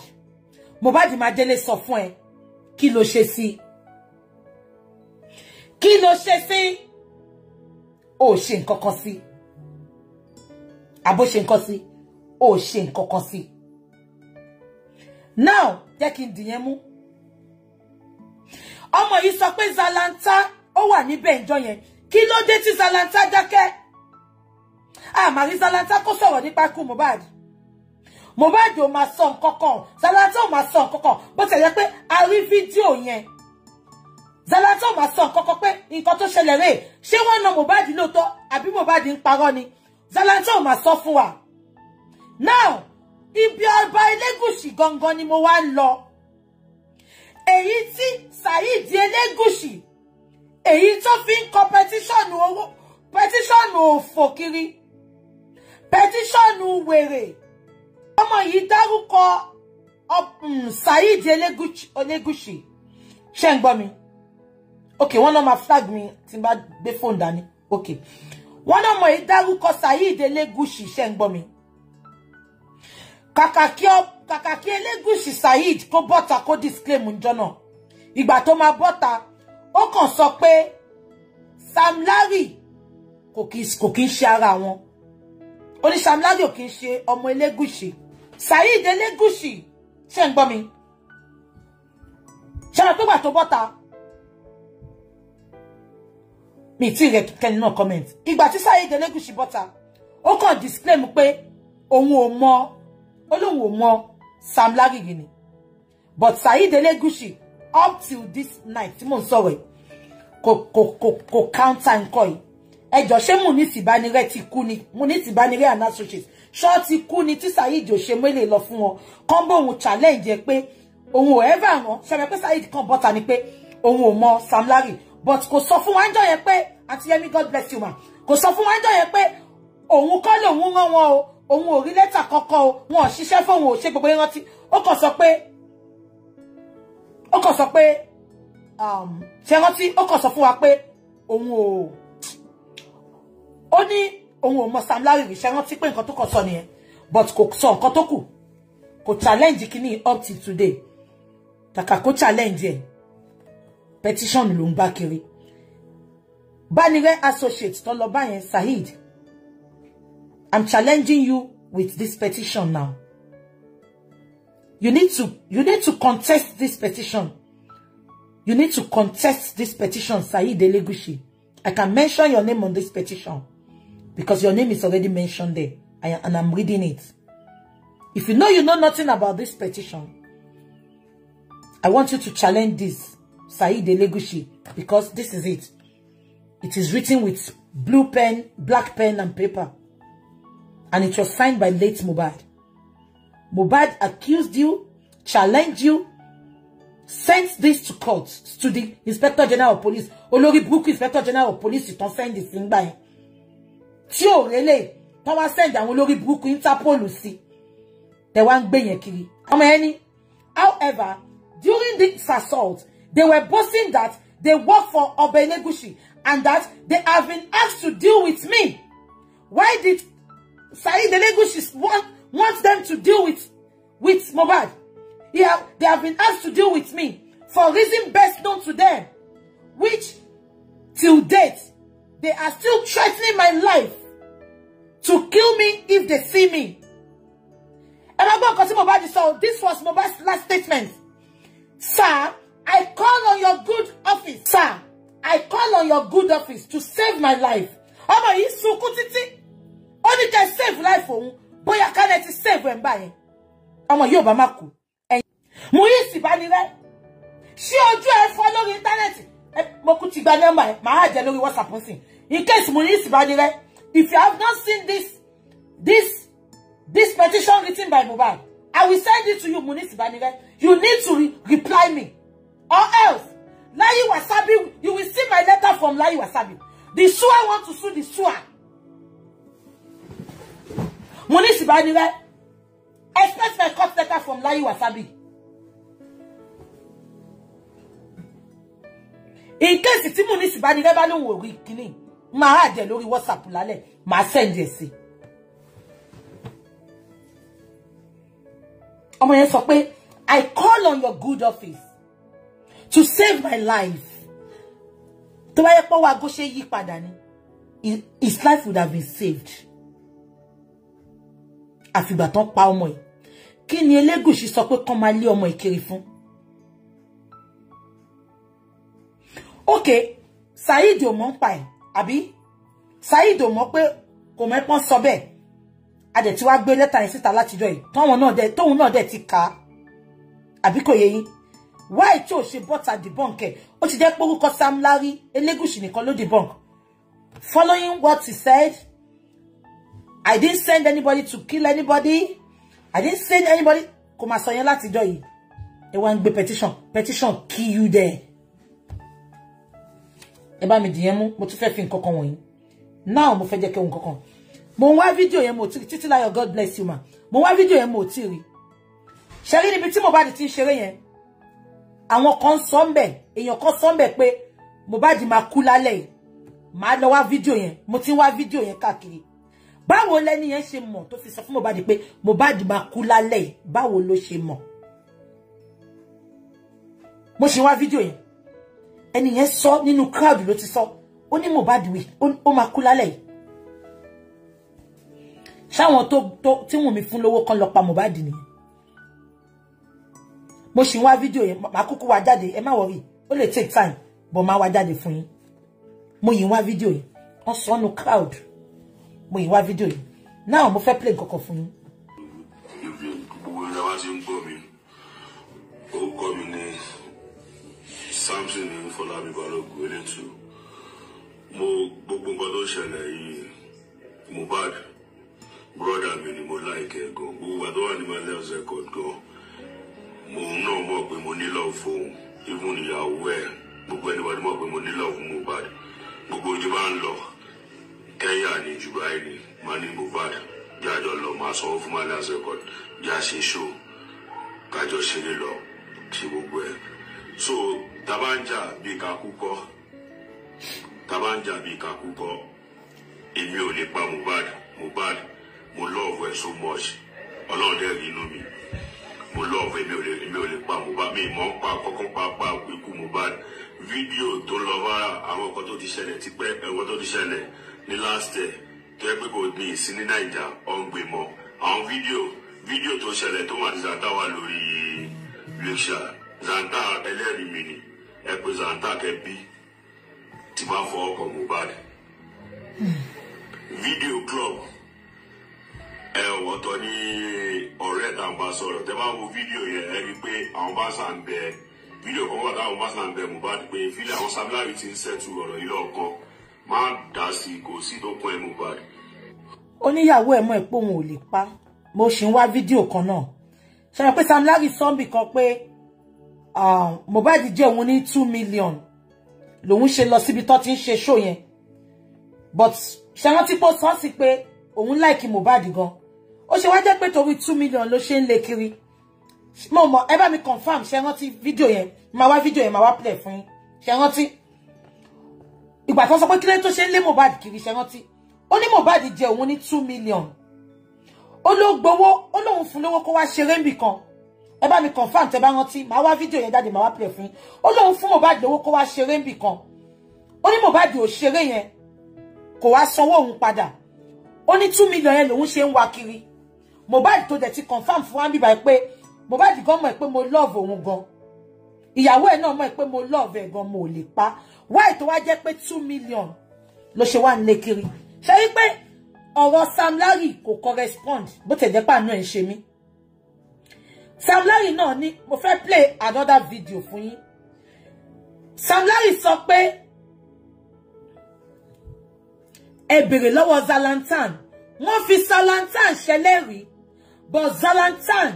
Mohbad máa délé sọ fún ẹ kí ló ṣe sí kí ló ṣe sí ò ṣe nǹkan kan sí àbó ṣe nǹkan sí ò ṣe nǹkan kan sí now jẹ́ kí n dìyẹn mú ọmọ yìí sọ pé zalanta ó wà níbẹ̀ ìjọ yẹn kí ló dé tí zalanta dákẹ́ àmàrí zalanta kó sọ̀rọ̀ nípa ikú Mohbad Mohbad ò máa sọ nǹkan kan Zalata ò máa sọ nǹkan kan bó ti yẹ pé a rí fídíò yẹn Zalata ò máa sọ nǹkan kan pé nǹkan tó ṣẹlẹ̀ rèé ṣé wọ́n na Mohbad lóòótọ́ àbí Mohbad ń parọ́ ni Zalata ò máa sọ fún wa now ibi ọba Elégùṣì gangan ni mo wá ń lọ èyí tí Saheed Elégùṣì èyí tó fi ń kọ pẹtíṣọ̀nù owó pẹtíṣọ̀nù òfò kiri pẹtíṣọ̀nù wèrè ọmọ yìí dárúkọ um, Saheed Elegushi ṣe ń gbọ́ mi ok wọ́n náà máa flag mi tí n bá gbé fóònù dání ok wọ́n náà mọ̀ yìí dárúkọ Saheed Elegushi ṣe ń gbọ́ mi kàkà kí Elegushi Saheed kó bọ́ta kó disclaim ǹjọ́ náà ìgbà tó máa bọ́ta ó kàn sọ pé Sam Larry kò kì í ṣe ara wọn ó ní Sam Larry ò kì í ṣe ọmọ Elegushi Saheed Elegushi ṣe ń gbọ́ mi ṣe mo pípa tó bọ́ta mi tí rẹ kẹni náà comment ìgbà tí Saheed Elegushi bọ́ta ó kàn disclaim pé òun ò mọ olóhùn ò mọ Sam Larry yìí ni but Saheed Elegushi up till this night tí mò ń sọ̀rọ̀ yìí kò kò kò kò counter nǹkan yìí ẹjọ́ ṣé Munisi Banire ti kú ni Munisi Banire and associates ṣọ́ọ̀tì kú ni tí Saheed ò ṣe mélèé lọ fún wọn kán òun challenge ẹ pé òun ò ever ràn ṣẹlẹ̀ pé Saheed kan bọ́ta ni pé òun ò mọ Sam Larry but kò sọ fún wa ń yẹn pé àti Yẹmí God bless you ma kò sọ fún wa ń jọ yẹn pé òun kọ́ lòun rán wọn o òun ò rí lẹ́tà kọ́kọ́ o wọn ò ṣiṣẹ́ fóun ò ṣe gbogbo ìrántí ó kàn sọ pé ó kàn sọ pé um, ṣe rántí ó kàn sọ fún wa pé òun ò ó ní òun ò mọ Sam Larry rí ṣe rántí pé nǹkan tó kọ sọ nìyẹn but kò sọ nǹkan tó kù kò challenge kínní up till today kàkà kó challenge ẹ petition ló ń bá kiri Banire associate tó lọ bá Saheed I'm challenging you with this petition now you need to you need to contest this petition you need to contest this petition Saheed Elegushi I can mention your name on this petition Because your name is already mentioned there. and I'm reading it. If you know you know nothing about this petition, I want you to challenge this, Saeed Elegushi, because this is it. It is written with blue pen, black pen and paper. And it was signed by late Mubad. Mubad accused you, challenged you, sent this to court, to the Inspector General of Police. Olori Buku Inspector General of Police, you don't send this thing by tí ò rélé wá send àwọn Interpol sí gbé yẹn kiri ọmọ ẹni however during this assault they were boasting that they work for Obenegushi and that they have been asked to deal with me why did Saheed Elegushi want wants them to deal with with Mobad? he have, they have been asked to deal with me for reason best known to them which till date they are still threatening my life to kill me if they see me. And I'm going to continue Mohbad so this was Mohbad's last statement. Sir, I call on your good office. Sir, I call on your good office to save my life. Ọmọ yìí sunkún títí. Ó ní save life òun. Bóyá kálẹ̀ ti save ẹ̀ ń báyẹn. Ọmọ yìí ò bá má kú. Muyi Sibanire. Ṣé ojú ẹ follow internet. íńtánẹ́ẹ̀tì? Mo kú ti gba nọ́mbà ẹ̀. Màá jẹ lórí WhatsApp ń sìn. In case Muyi Sibanire. If you have not seen this, this, this petition written by Mohbad, I will send it to you, Munis Baniga. You need to re reply me. Or else, Layi Wasabi, you will see my letter from Layi Wasabi. The SUA want to sue the SUA. Munis Baniga, expect my court letter from Layi Wasabi. In case tí Munis Baniga bá lóun ò rí kínní máa àjẹ lórí WhatsApp lálẹ́ máa send ẹ̀ sí. ọmọ yẹn sọ pé I call on your good office to save my life tó bá yẹ pé wàá gó ṣe yí padà ni his life would have been saved àfìgbà tán pa ọmọ yìí kí ni Elégùṣì sọ pé kán máa lé ọmọ yìí kiri fún. okay Saheed ò mọ̀ pa àbí Saheed ò mọ̀ pé kò mọ̀ ẹ̀pọ́n sọ bẹ́ẹ̀ a dẹ̀ ti wá gbé lẹ́tà yẹn síta látijọ́ yìí tọ́wọn náà dẹ̀ tóun náà dẹ̀ ti kà á àbí kò yẹ yín wáì tí ò ṣe bọ́ta debunk ẹ̀ ó ti jẹ́ pé orúkọ Sam Larry Elégùṣì nìkan ló debunk following what he said I didn't send anybody to kill anybody I didn't send anybody kò máa sọ yẹn látijọ́ yìí ẹ wá ń gbé petition petition kill you there ẹ bá mi dìyẹn mú mo tún fe fi nǹkan kan wọ̀nyí now mo fe jẹ́ kẹ́ ohun kankan mo wa video fídíò yẹn mo ti rí títí láyọ̀ god bless you ma mo wa video fídíò mo ti rí ṣeré níbi tí Mohbad ti ń ṣeré yẹn àwọn kan sọ ń bẹ̀ èèyàn kan sọ ń bẹ̀ pé Mohbad máa Ma lálẹ́ yìí màá lọ wá fídíò yẹn mo ti ń wá fídíò yẹn káàkiri báwo lẹni yẹn ṣe mọ̀ tó fi sọ fún Mohbad pé Mohbad máa kú lálẹ́ yìí báwo ló ṣe mọ̀ mo ṣe wa video yẹn ẹni yẹn sọ nínú crowd ló ti sọ ó ní Mohbad wí ó máa kú lálẹ́ yìí ṣáwọn tó tó tí wùn mí fún lówó kan lọ pa Mohbad nìyẹn mo ṣì ń wá fídíò yẹn màá kúkú wá jáde ẹ má wọrí ó lè take time bọ̀ máa wá jáde fún yín mo yìí ń wá fídíò yìí wọ́n sọ ọ́nù crowd mo yìí ń wá fídíò yìí now mo fẹ́ play nǹkankan fún yín. gbogbo ìyá wa ti ń gbọ́ mi ó kọ́ mi ní. Fọlámi Balógun Elétu mo gbogbo nǹkan tó ṣẹlẹ̀ yìí Mohbad broda mi ni mo láìkẹ gan gbogbo àti wà ní my left record gan mo náà mọ̀ pé mo ní love even ìyàwó ẹ̀ gbogbo ẹnìwádìí mọ̀ pé mo ní fún Mohbad gbogbo ojú bá ń lọ Kenya ni Dubai ni má ní Mohbad jájọ lọ máa sọ fún my left record já ṣe show kájọ ṣeré lọ ṣe gbogbo ẹ̀ so tàbá ń jà bíi kakúkọ tàbá ń jà bíi kakúkọ èmi ò lè pa Mohbad Mohbad mo love ẹ so much ọlọ́run dẹ̀ rí inú mi mo love èmi ò lè èmi ò lè pa Mohbad mi mọ̀ ń pa kọ́kọ́ pa pa ikú Mohbad fídíò tó lọ wá àwọn nǹkan tó ti ṣẹlẹ̀ tipẹ́ ẹ̀wọ́n tó ti ṣẹlẹ̀ ní last year tó yẹ pé kò ní ìsín ní nàìjà ọ̀ngbìn mọ́ àwọn fídíò fídíò tó ṣẹlẹ̀ tó wà ní zanta wà lórí lóṣà zanta ẹlẹ́rìí mi ni ẹ pé zanta kẹbi tí máa fọ ọkọ Mohbad hmm. video club ẹ ọ̀tọ̀ ní ọ̀rẹ́ tá n bá sọ̀rọ̀ tẹ bá wo fídíò yẹn ẹ rí i pé àwọn bá sàn bẹ fídíò kan wà táwọn bá sàn bẹ Mohbad pé fílẹ̀ àwọn sábìlárì ti ń ṣẹ̀tù ọ̀rọ̀ yìí lọ́ọ̀kan má dá sí kò sí tó kún ẹ Mohbad. oníyàwó ẹ̀ mọ̀ ẹ́ pé òun ò lè pa mo ṣì ń wá fídíò kan náà ṣe é pé Sam Larry sọ́ọ̀bì kan pé Ah, mobile jẹ́ òun ní two million lòun ṣe lọ síbi tó ti ń ṣe show yẹn but ṣe wọ́n ti pọ̀ sọ́ọ́ sí pé òun láìkí Mohbad gan ó ṣe wá jẹ́ pé torí two million ló ṣe ń lé kiri mo mọ ẹ bá mi confam ṣe rántí fídíò yẹn máa wá fídíò yẹn máa wá play fún yín ṣe rántí ìgbà tó sọ pé kílẹ̀ tó ṣe ń lé Mohbad kiri ṣe rántí ó ní Mohbad jẹ òun ní two million ó ló gbowó ó lóun fún lówó kó wá ṣeré nbì kan ẹ bá mi confam tẹ́ bá rántí màá wá fídíò yẹn jáde màá wá play fún ó lóun fún Mohbad lówó kó wá ṣeré níbì kan ó ní Mohbad ò ṣeré yẹn kò wá sanwó òun padà ó two million yẹn lòun ṣe ń wá kiri Mohbad tó dẹ̀ ti confam fún wa bíbá pé Mohbad gan mọ̀ pé mo love òun gan ìyàwó ẹ̀ náà mọ̀ pé mo love ẹ̀ gan mo lè pa wáì tó wá jẹ́ pé two million ló ṣe wá ń lé kiri ṣe wípé ọ̀rọ̀ Sam Larry kò correspond bó tẹ̀ jẹ́ pàánú ẹ̀ ń ṣe mí. Sam Larry náà ni mo fẹ́ play another video fún yín Sam Larry sọ pé ẹ bèrè lọ́wọ́ Zalantan wọ́n fi Zalantan ṣẹlẹ́rìí but Zalantan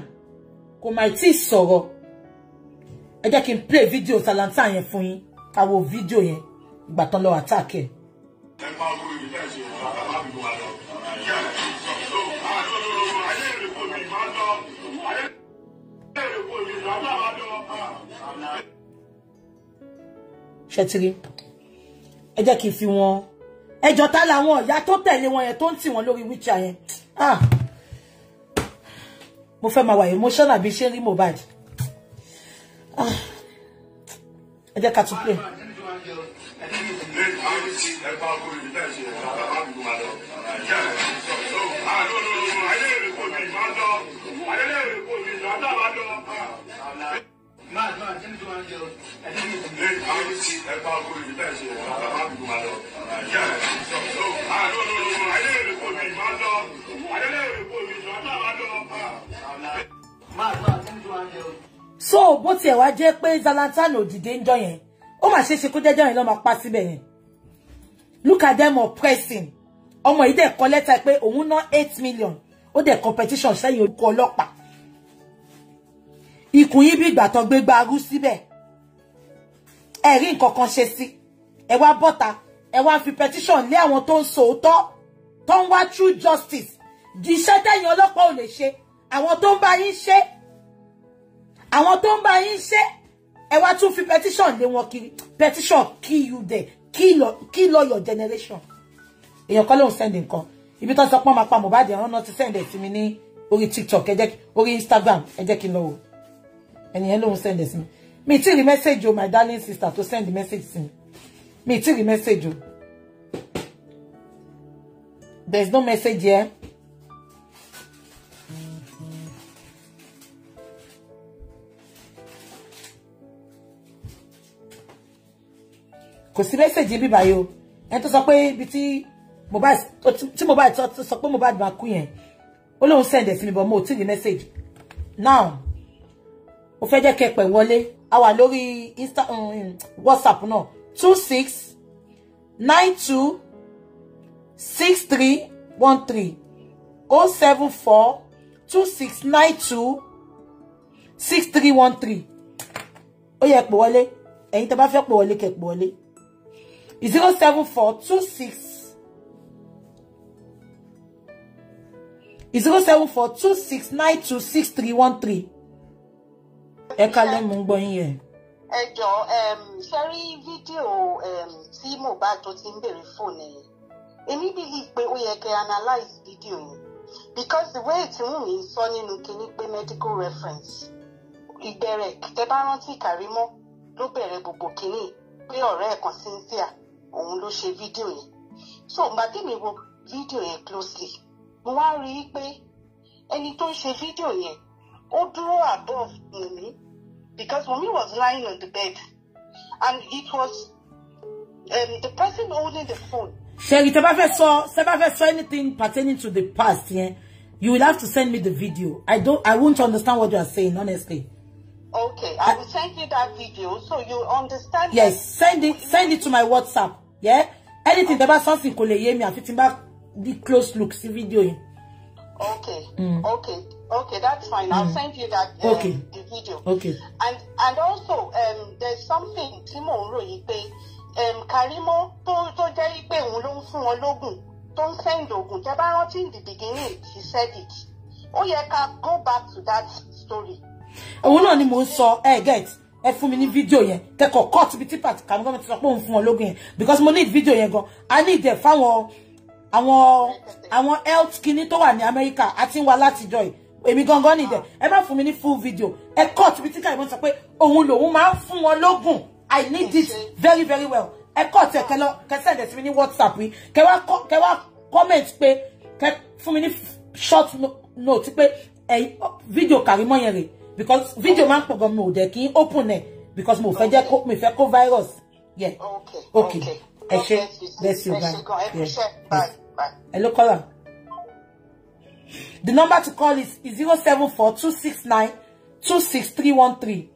kò mà tí ì sọ̀rọ̀ ẹ jẹ́ kí n play video Zalantan yẹn fún yín ká wo video yẹn ìgbà tán lọ́wọ́ attack ẹ máa wo ìrẹsì ọ̀rọ̀ àbábí wa lọ. ṣẹtiri ẹ jẹ́ kí n fi wọn ẹjọ́ ta làwọn ọ̀yá tó tẹ̀lé wọn yẹn tó ń tì wọ́n lórí wíjà yẹn ah! mo fẹ́ máa wà emotional bí ṣe ń rí Mohbad ah! ẹ jẹ́ ká tún play. so àlọ́ ló ló ló ayé èrè kò mi máa lọ ayé èrè kò mi máa lọ máa lọ. bó tiẹ̀ wá jẹ́ pé Zlatan òdìdé ń jọ yẹn ó mà ṣeéṣe kó jẹ́jọ́ yẹn lọ́ pa síbẹ̀ yẹn look at them oppressing ọmọ yìí dẹ̀ kọ lẹ́tà pé òun ná eight million ó dẹ̀ competition sẹ́yìn orúkọ ọlọ́pàá ikùn yín bí ìgbà tó gbé gbarú síbẹ̀ ẹ rí nǹkan kan ṣe sí ẹ wá bọ́ta ẹ fi petition lé àwọn tó ń sòótọ́ tó ń true justice di iṣẹ́ tẹ̀yìn ọlọ́pàá ò lè ṣe àwọn to ń bá yín ṣe àwọn to ń bá yín ṣe ẹ wá tún fi petition lé wọn kiri petition kill you there kill, kill all your generation èèyàn kọ́ ló ń sẹ́ndì nǹkan ibi tó sọ pọ́n máa pa Mohbad ẹ̀rọ náà ti sẹ́ndì ẹ̀ sí mi ní orí TikTok ẹ jẹ́ orí Instagram ẹ jẹ́ kí n ẹni yẹn lòun send sí mi mi ti rí message o my darling sister To send the message sí mi mi ti rí message o There's no message here. kò the message bíbá yìí o ẹni tó sọ pé ibi tí Mohbad tí Mohbad sọ pé Mohbad máa kú yẹn ó lóun send ẹ̀ sí mi bọ́ mo ò tí now mo fẹ́ jẹ́ kẹ́ pẹ̀ wọlé a wà lórí insta um, whatsapp náà two six nine two six three one three oh seven four two six nine two six three one three ó yẹ pè wọlé ẹ̀yin tó bá fẹ́ pè wọlé kẹ́ pè wọlé zero seven four two six zero seven four two six nine two six three one three ẹ kálẹ́ mú gbọ́ yín yẹn. ẹ jọ ṣe rí fídíò tí Mohbad tó ti ń béèrè fóònù yẹn èmi believe pé ó yẹ kẹ́ analyse fídíò yẹn because the way tí wùn mí sọ nínú kinní pé medical reference ìbẹ̀rẹ̀ tẹ bá rántí Kàrímọ́ ló bẹ̀rẹ̀ gbogbo kinní pé ọ̀rẹ́ ẹ̀ kan Cynthia òun ló ṣe fídíò yẹn so gbàdí mi wo fídíò yẹn closely mo wá rí i pé ẹni tó ń ṣe fídíò yẹn ó dúró above Wùnmí because mommy was lying on the bed and it was um, the person holding the phone. Sherry, if saw anything pertaining to the past, yeah, you will have to send me the video. I don't, I won't understand what you are saying, honestly. Okay, I, will send you that video so you understand. Yes, send it, send it to my WhatsApp. Yeah, anything about something, could lè yé mi àfi tí n the close looks video Okay, mm. okay. Okay, that's fine. Mm. I'll send you that uh, okay. the video. Okay. And and also um, there's something tí mò ń um, Karimo to to jẹ́ pé òun Don't send oògùn tẹ́ bá in the beginning he said it. Ó yẹ ká go back to that story. Òun náà ni mò ń eh, get ẹ fún mi ní fídíò yẹn kẹkọọ cut ibi tí pàtó Karimo mi ti sọ pé òun fún wọn lógún yẹn because mo need fídíò yẹn gan I need ẹ fáwọn àwọn àwọn health kinní tó wà ní Amẹ́ríkà àti ń wa yìí èmi gangan nìdẹ ẹ má fún mi ní full video ẹ cut mi tí káyọ̀ sọ pé òun lòun máa ń fún wọn lógún i need it very very well ẹ cut ẹ kẹlọ kẹsẹ̀ ẹ̀dẹ̀ sí mi ní whatsapp yìí kẹ wá comment pé kẹ fún mi ní short note pé ẹ video Karimo yẹn rè because video máa ń pọ̀ gan mi ò dẹ̀ kí n open ẹ̀ because mo fẹ́ jẹ́ mi fẹ́ kó virus yeah okay ẹ ṣé bless you bye yeah ẹ Bye. Bye. The number to call is 07426926313.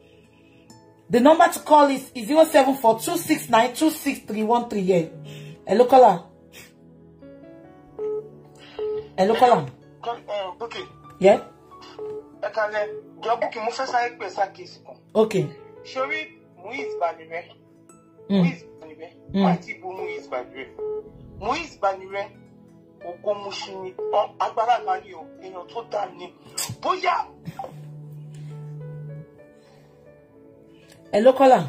The number to call is 07426926313. Yeah. Hello, caller. Hello, caller. Uh, okay. Yeah. Ẹ kalẹ̀, jọ búkì mo fẹ́ sáré pè sákèsì kan. Okay. Ṣorí Muiz Banire. Hmm. Muiz Banire. Hmm. Àti Ibu Muiz Banire. Muiz Banire ògùn muṣu ni agbára náà ni o èèyàn tó dáa ni bóyá. ẹ ló kọ́là.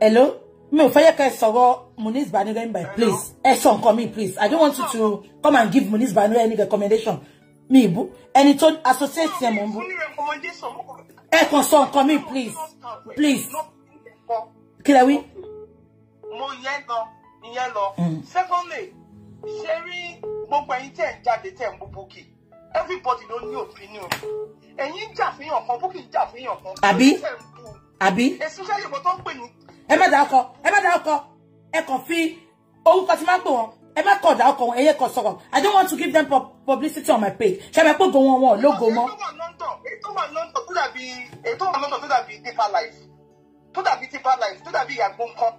hello mi ò fẹ́ yẹ ká ẹ sọ̀rọ̀ Muniz Banu Gbenga please ẹ sọ nǹkan mi please i don't want you to come and give Muniz Banu any recommendation mi ìbú ẹni tó associate ẹ mọ̀ ń bú ẹ kàn sọ nǹkan mi please please kọ́. kí lẹ wí. mo yẹn lọ ìyẹn lọ. Mm. secondly ṣe rí gbogbo ẹ̀yin tẹ̀ ń jáde tẹ̀ ń bú Bukky everybody ló ní opinion ẹ̀yin jà fihàn kan Bukky jà fihàn kan. àbí àbí. especially ìbò tó ń pè ní. ẹ má dá ọkọ ẹ má dá ọkọ ẹ kàn fi orúkọ tí máa ń pè wọn ẹ má kọ̀ dá ọkọ̀ wọn ẹyẹ kọ̀ sọ̀rọ̀ i don't want to give them publicity on my page ṣe é pé go wọn wọn ò lógo mọ́. ètò wà lọ́ńtọ̀ tó dàbí ètò wà lọ́ńtọ̀ tó dàbí deeper life tó dàbí tipa life tó dàbí ìyàgbó nǹkan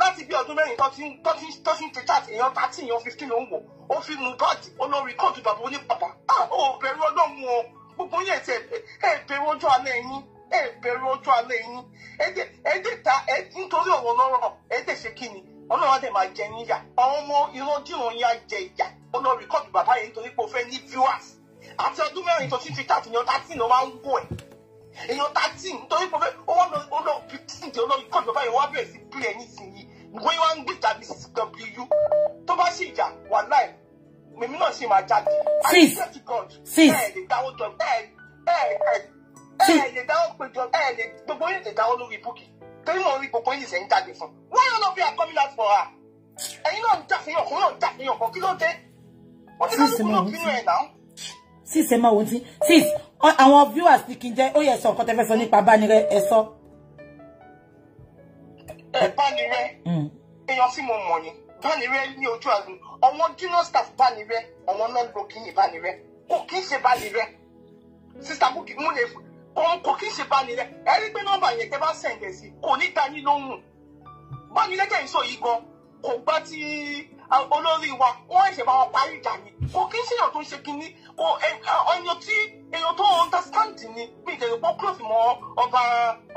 láti bí ọdún mẹ́rin tó ti ń tó ti ń tó ti ń ṣe chat èèyàn thirty èèyàn fifteen ló ń wò ó fi nu báàdì olórí kóòtù bàbá oní pàpà ah, ó bẹ̀rù ọlọ́run o gbogbo yẹn ti ẹ bẹ̀rù ọjọ́ alẹ́ yín ẹ bẹ̀rù ọjọ́ alẹ́ yín ẹ dẹ̀ ta ẹ nítorí ọ̀rọ̀ lọ́rọ̀ ẹ dẹ̀ ṣe kí ni ọlọ́run àdẹ̀ máa jẹ níyà àwọn ọmọ ìrandíran yẹn á jẹ ìyà olórí kóòtù bàbá yẹn nítorí pé ó fẹ́ ní viewers àti ọdún mẹ́rin tó ti ń ṣe chat èèyàn thirty ló máa ń wò ẹ̀ èèyàn thirteen nítorí pé ó wọ́n lọ ó lọ fifteen tí ó lọ ikọ̀ ìjọba yẹn wá bẹ̀rẹ̀ sí play ẹ̀yìn sí yìí wọ́n wá ń gbé tàbí w tó bá sì jà wà láì mímí náà sì máa jáde. sis sis ẹ lè dáwọ́ jọ ẹ ẹ ẹ ẹ lè dáwọ́ péjọ ẹ lè gbogbo yín lè dáwọ́ lórí búkì torí mò rí gbogbo yín sẹ́yìn jáde fún wọ́n yóò lọ bí àkọ́mí láti fọ́ ẹ̀yin náà ń jà fihàn kún náà ń jà fihàn kan kí ló dé? wọ́n ti ká sis ẹ máa wo ti sis àwọn viewers ti kì í jẹ́ ó yẹ sọ nǹkan tẹ́ fẹ́ sọ nípa bánirẹ ẹ sọ. ẹ bánirẹ hmm. èèyàn tí mo mọ̀ ni bánirẹ ní ojú àlù ọmọ junior staff bánirẹ ọmọ náà ló kì í bánirẹ kò kì í ṣe bánirẹ sista kò kì í mú lè fún kò kì í ṣe bánirẹ ẹ rí pé nọ́mbà yẹn tẹ́ bá sẹǹdẹ sí kò ní dání lóhùn bánirẹ tẹ́ ń sọ yìí gan kò gbá tí olórí wa wọ́n ẹ̀ṣẹ̀ bá wọn parí ìjà ni kò kí ń ṣèyàn tó ń ṣe kinní kò ẹyàn tí èyàn tó understand ni bí ìdèrè pọ́ close mọ́ ọba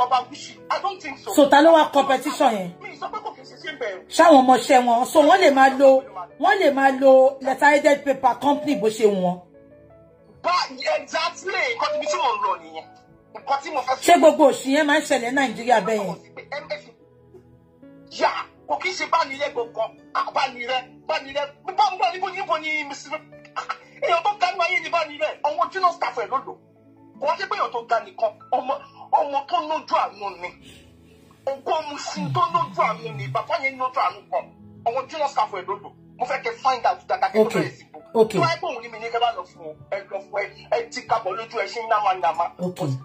ọba Gucci I don't think so. sòtá ló wá competition yẹn. mi sọ pé kò kì í ṣe ṣe bẹ̀rẹ̀. ṣáwọn ọmọọṣẹ́ wọn so wọ́n lè máa lo wọ́n lè máa lo letter headed paper company bó ṣe wọn. bá exactly nǹkan tí mo ń lọ nìyẹn nǹkan tí mo fẹ́. ṣé gbogbo òṣìyẹn máa ń ṣẹlẹ̀ Nàìjíríà bẹ́ẹ̀ yẹn kò kí ṣe bánirẹ́ gbọ̀ngàn bánirẹ́ bánirẹ́ bánirẹ́ níbo níbo ni èèyàn tó ga ní ayé ni bánirẹ́ ọmọ junior staff ẹ̀ ló lò kò wá sí pé èèyàn tó ga nìkan ọmọ tó lójú àánú ni ogún ọmọ tó lójú àánú ni bàbá yẹn lójú àánú kan ọmọ junior staff ẹ̀ ló lò mo fẹ́ kẹ́ find out dáadáa kí ló bẹ̀rẹ̀ sí bò tó wáyé pòun ní mi ní kẹ́bà lọ fún ẹ lọ fún ẹ ẹ ti kábọ̀ lójú ẹ ṣe ń náma náma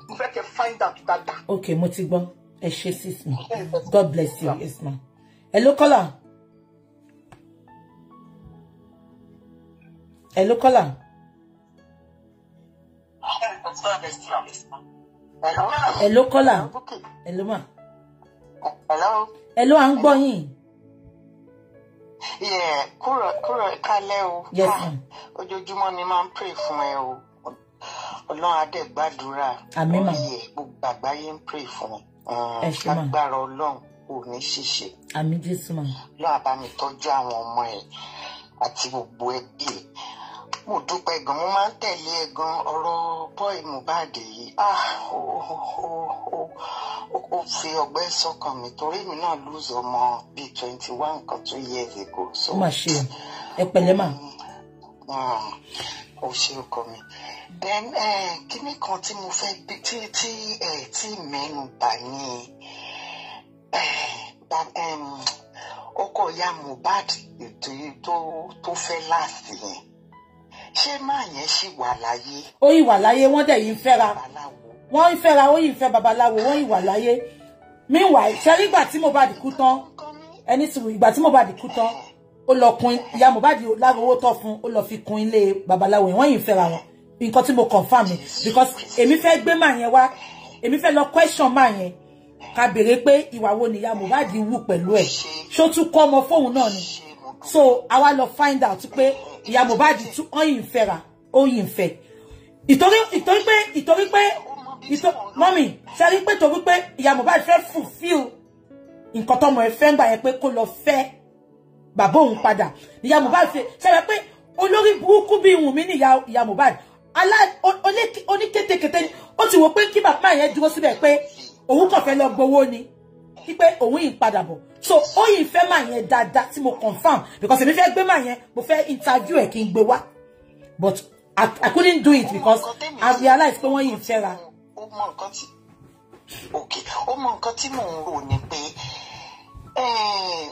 mo fẹ́ kẹ́ find out dáadáa. ok mo ti gbọ́ ẹ ṣe sísun god bless you yes Hello, caller. Hello, caller. Hello, caller. Hello, ma. Hello. Hello, à ń Yeah, kúrò kúrò kálẹ̀ o. Yes, ma'am. Ojoojúmọ́ ni máa pray fún ẹ o. Ọlọ́run adé gbàdúrà. Àmín mà. Gbogbo àgbáyé ń pray fún ẹ. Ẹ ṣe mà. Agbára Ọlọ́run kò ní ṣìṣe. àmì jésù mà. lọ́wọ́ bá mi tọ́jú àwọn ọmọ ẹ̀ àti gbogbo ẹbí ẹ̀ mo dúpẹ́ gan mo máa ń tẹ̀lé ẹ gan ọ̀rọ̀ bọ́ì Mohbad yìí ah, ó fi ọgbẹ́ sọ́kàn mi torí mi náà lùzọ ọmọ bíi twenty one kan two years ago. ó mà ṣe ẹ pẹ̀lẹ́ mà. Mm, mm, ó ṣe ọkọ mi then eh, kíní kan tí mo fẹ́ tí tí ẹ eh, tí mẹ́nu bà ní. Um, ọkọ ìyá Mohbad ètò yìí tó fẹ́ láàsì yẹn ṣé máa yẹn ṣì wà láyé. ó yìí wà láyé wọ́n dẹ̀ yìí ń fẹ́ra wọ́n ń fẹ́ra ó yìí ń fẹ́ babaláwo wọ́n yìí wà láyé meanwhile ṣe rí ìgbà tí Mohbad kú tán ẹni tí ìgbà tí Mohbad kú tán ó lọ kun ìyá Mohbad lára owó fún ó lọ fi kun ilé babaláwo yẹn wọ́n yìí ń fẹ́ra wọn nǹkan tí mo confirm because èmi fẹ́ gbé màá yẹn wá èmi fẹ́ lọ question màá yẹn ká béèrè pé ìwà wo ni ìyá Mohbad wù pẹ̀lú ẹ̀ ṣó tún kọ́ ọmọ fóun náà ni so àwa lọ find out pé ìyá Mohbad tún ọyìn fẹ́ ra ọyìn fẹ́ ìtorí ìtorí pé ìtorí pé mọ́mì ṣe rí pé torí pé ìyá Mohbad fẹ́ fulfill nǹkan tọmọ ẹ fẹ́ ń gbà yẹn pé kó lọ fẹ́ bàbá òun padà ìyá Mohbad ṣe ṣe pé olórí burúkú bíi Wùnmí ni ìyá Mohbad oníkétékété ni ó ti wò pé kí bàbá yẹn dúró síbẹ̀ pé òun kàn fẹ́ lọ gbowó ni wípé òun yìí ń padà bọ̀ so ó yìí fẹ́ màá yẹn dáadáa tí mo confam because èmi fẹ́ gbé màá yẹn mo fẹ́ interview ẹ̀ kí n gbé wá but I, I couldn't do it because I realized pé wọ́n yìí fẹ́ra. ó mọ nǹkan tí okay ó mọ nǹkan tí mò ń rò ni pé eh,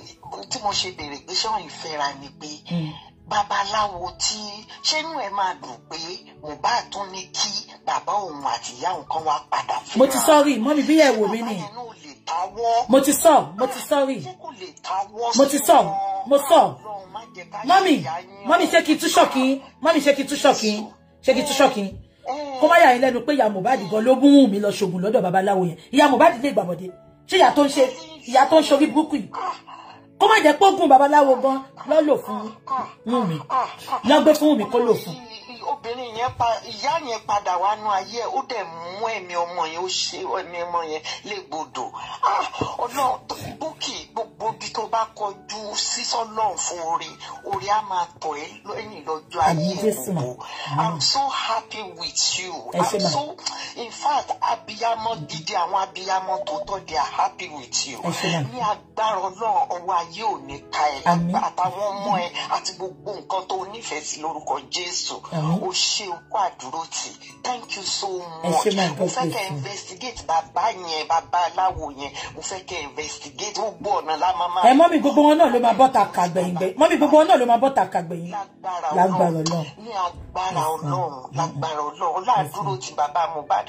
tí mo ṣe béèrè pé ṣé wọ́n fẹ́ra ni pé. Hmm babaláwo tí ṣénú ẹ máa dùn pé Mohbad tún ní kí bàbá òun àti ìyá òun kan wá padà fúnra. mo ti sọrí mọ mi bí ẹ wò mí ni mo ti sọ mo ti sọrí mo ti sọ mo sọ mọ́mì mọ́mì ṣé kí n tún ṣọ́ọ̀kì mọ́mì ṣé kí n tún ṣọ́ọ̀kì kí n tún kó má yà yín lẹ́nu pé ìyá Mohbad gan ló gún mi lọ ṣògùn lọ́dọ̀ babaláwo yẹn ìyá Mohbad lè gbàbọ̀dé ṣé ìyá tó ń ṣe ìyá tó ń ṣorí burúkú yìí kó má jẹ́ pé oògùn babaláwo gan lọ́ lò fún Wùnmí lọ́ gbé fún Wùnmí kó lò fún obìnrin yẹn pa ìyá yẹn padà wá nu ayé ẹ̀ ó dẹ̀ mú ẹ̀mí ọmọ yẹn ó ṣe ẹ̀mí ọmọ yẹn légbodò ah, ọ̀nà bókì gbogbo ibi tó bá kọjú sísọ náà fún orí orí á máa tọ̀ ẹ́ lẹ́yìn lọ́jọ́ ayé ẹ̀ gbogbo i'm so happy with you i'm so in fact abiyamọ gidi àwọn abiyamọ tòótọ́ they are happy with you ní agbára ọlọ́run ọwọ́ ayé ò ní ka ẹ̀ àtàwọn ọmọ ẹ àti gbogbo nǹkan tó nífẹ̀ẹ́ sí lórúkọ jésù ó ṣe okó àdúró tì thank you so much mo fẹ́ kẹ́ investigate bàbá yẹn bàbá aláwo yẹn mo fẹ́ kẹ́ investigate gbogbo ọ̀nà la ẹ mọ́mí gbogbo wọn náà ló máa bọ́ta kà gbẹ̀yìn mọ́mí gbogbo wọn náà ló máa bọ́ta kà lágbára ọlọ́run ní agbára ọlọ́run lágbára ọlọ́run láàdúró ti bàbá Mohbad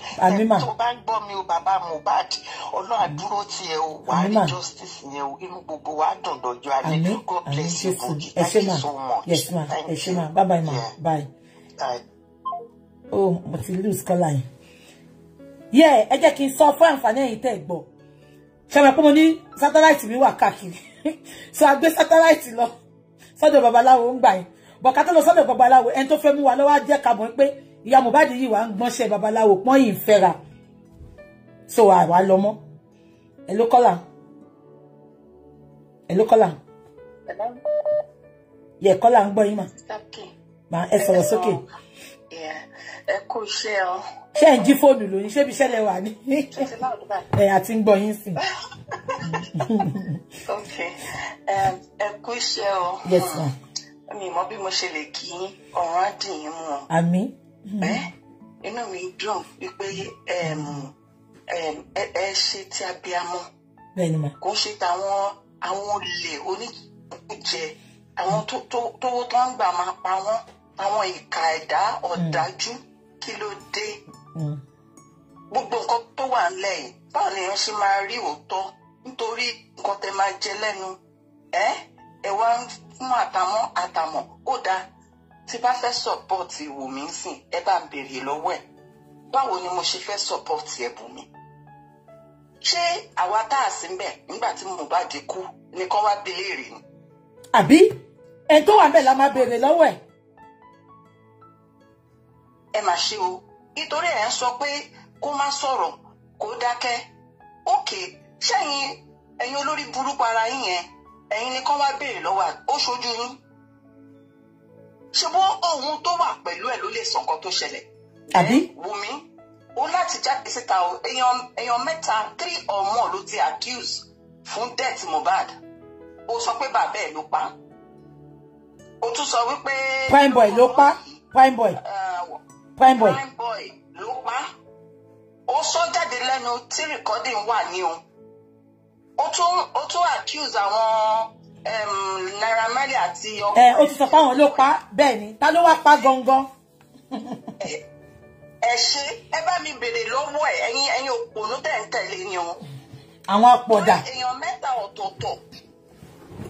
tó bá ń gbọ́ mi o bàbá Mohbad ọlọ́run mm. ti ẹ o wà rí justice yẹn o inú gbogbo wa dùn dọ̀jọ́ alẹ́ God bless you Bùkí thank you so much. Thank you. Oh, but you lose color Yeah, ẹ jẹ́ kí n sọ fún àǹfààní ẹ̀yin tẹ́ ẹ gbọ́. Ṣé mo satellite mi wà káàkiri? So I do satellite lọ sọ́dọ̀ babaláwo ń gbà yẹn. Bọ̀ ká tó lọ sọ́dọ̀ babaláwo ẹni tó fẹ́ mú wa lọ́wọ́ á jẹ́ ká mọ̀ pé ìyá Mohbad yìí wà ń gbọ́nṣẹ́ babaláwo pọ́n So àwa lọ lomo, Ẹ ló kọ́là. Ẹ ló kọ́là. Yẹ kọ́là ń gbọ́ Stop ma ẹ sọ̀rọ̀ sókè. ẹ kú iṣẹ́ ọ. ṣé ẹ jí fóònù lóyún ṣé ibi iṣẹ́ lẹ wà ní. ẹ àti ń gbọ́ yín sìn. ẹ kú iṣẹ́ ọ. Hmm. mi mọ bí mo ṣe lè kí ọ̀run á dì yín inú mi dùn wípé ẹ ṣe tí a bí a mọ. bẹ́ẹ̀ni ma. kò ń ṣe tàwọn àwọn olè oníjẹ àwọn tówó tó ń gbà máa pa wọ́n àwọn ìka ẹ̀dá ọ̀dájú kí ló dé mm. gbogbo nǹkan tó wà ńlẹ̀ yìí báwo ni ẹ ṣe máa rí òótọ́ nítorí nǹkan tẹ máa jẹ lẹ́nu ẹ ẹ wá ń fún àtàmọ́ àtàmọ́ ó dáa tí bá fẹ́ sọ̀pọ́ọ̀tì Wùmí sìn ẹ bá ń béèrè lọ́wọ́ ẹ̀ báwo ni mo ṣe fẹ́ sọ̀pọ́ọ̀tì ẹ̀ Wùmí ṣé àwa tá a sí mbẹ̀ nígbà tí Mohbad kú ni kán wá bi léèrè ni. àbí ẹ tó wà bẹ́ẹ̀ la máa béèrè lọ́wọ́ ẹ̀ ẹ mà ṣe o nítorí ẹ̀ ń sọ pé kó má sọ̀rọ̀ kó dákẹ́ òkè sẹ́yìn ẹ̀yin olórí burúkú ara yín yẹn ẹ̀yin ni kán wá béèrè lọ́wọ́ ó ṣojú yín ṣùgbọ́n ohun tó wà pẹ̀lú ẹ̀ ló lè sọ nǹkan tó ṣẹlẹ̀ àbí Wùmí ó láti jáde síta o èèyàn mẹ́ta three or more ló ti accuse fún death Mohbad ó sọ pé bàbá ẹ̀ ló pa ó tún sọ wípé. prime boy ló pa prime boy. Uh, Fine boy. prime boy ló pa ó sọ jáde lẹ́nu tí recording wà ní o ó tún ó tún accuse àwọn naira marley àti ọkọ. ẹ ó ti sọ pé ló pa bẹ́ẹ̀ ni ta ló wá pa gangan. ẹ ṣe ẹ bá mi béèrè lọ́wọ́ ẹ ẹ̀yin ẹ̀yin òpònú tẹ̀ ń tẹ̀lé ni o. àwọn apọ̀dà. èèyàn mẹ́ta ọ̀tọ̀ọ̀tọ̀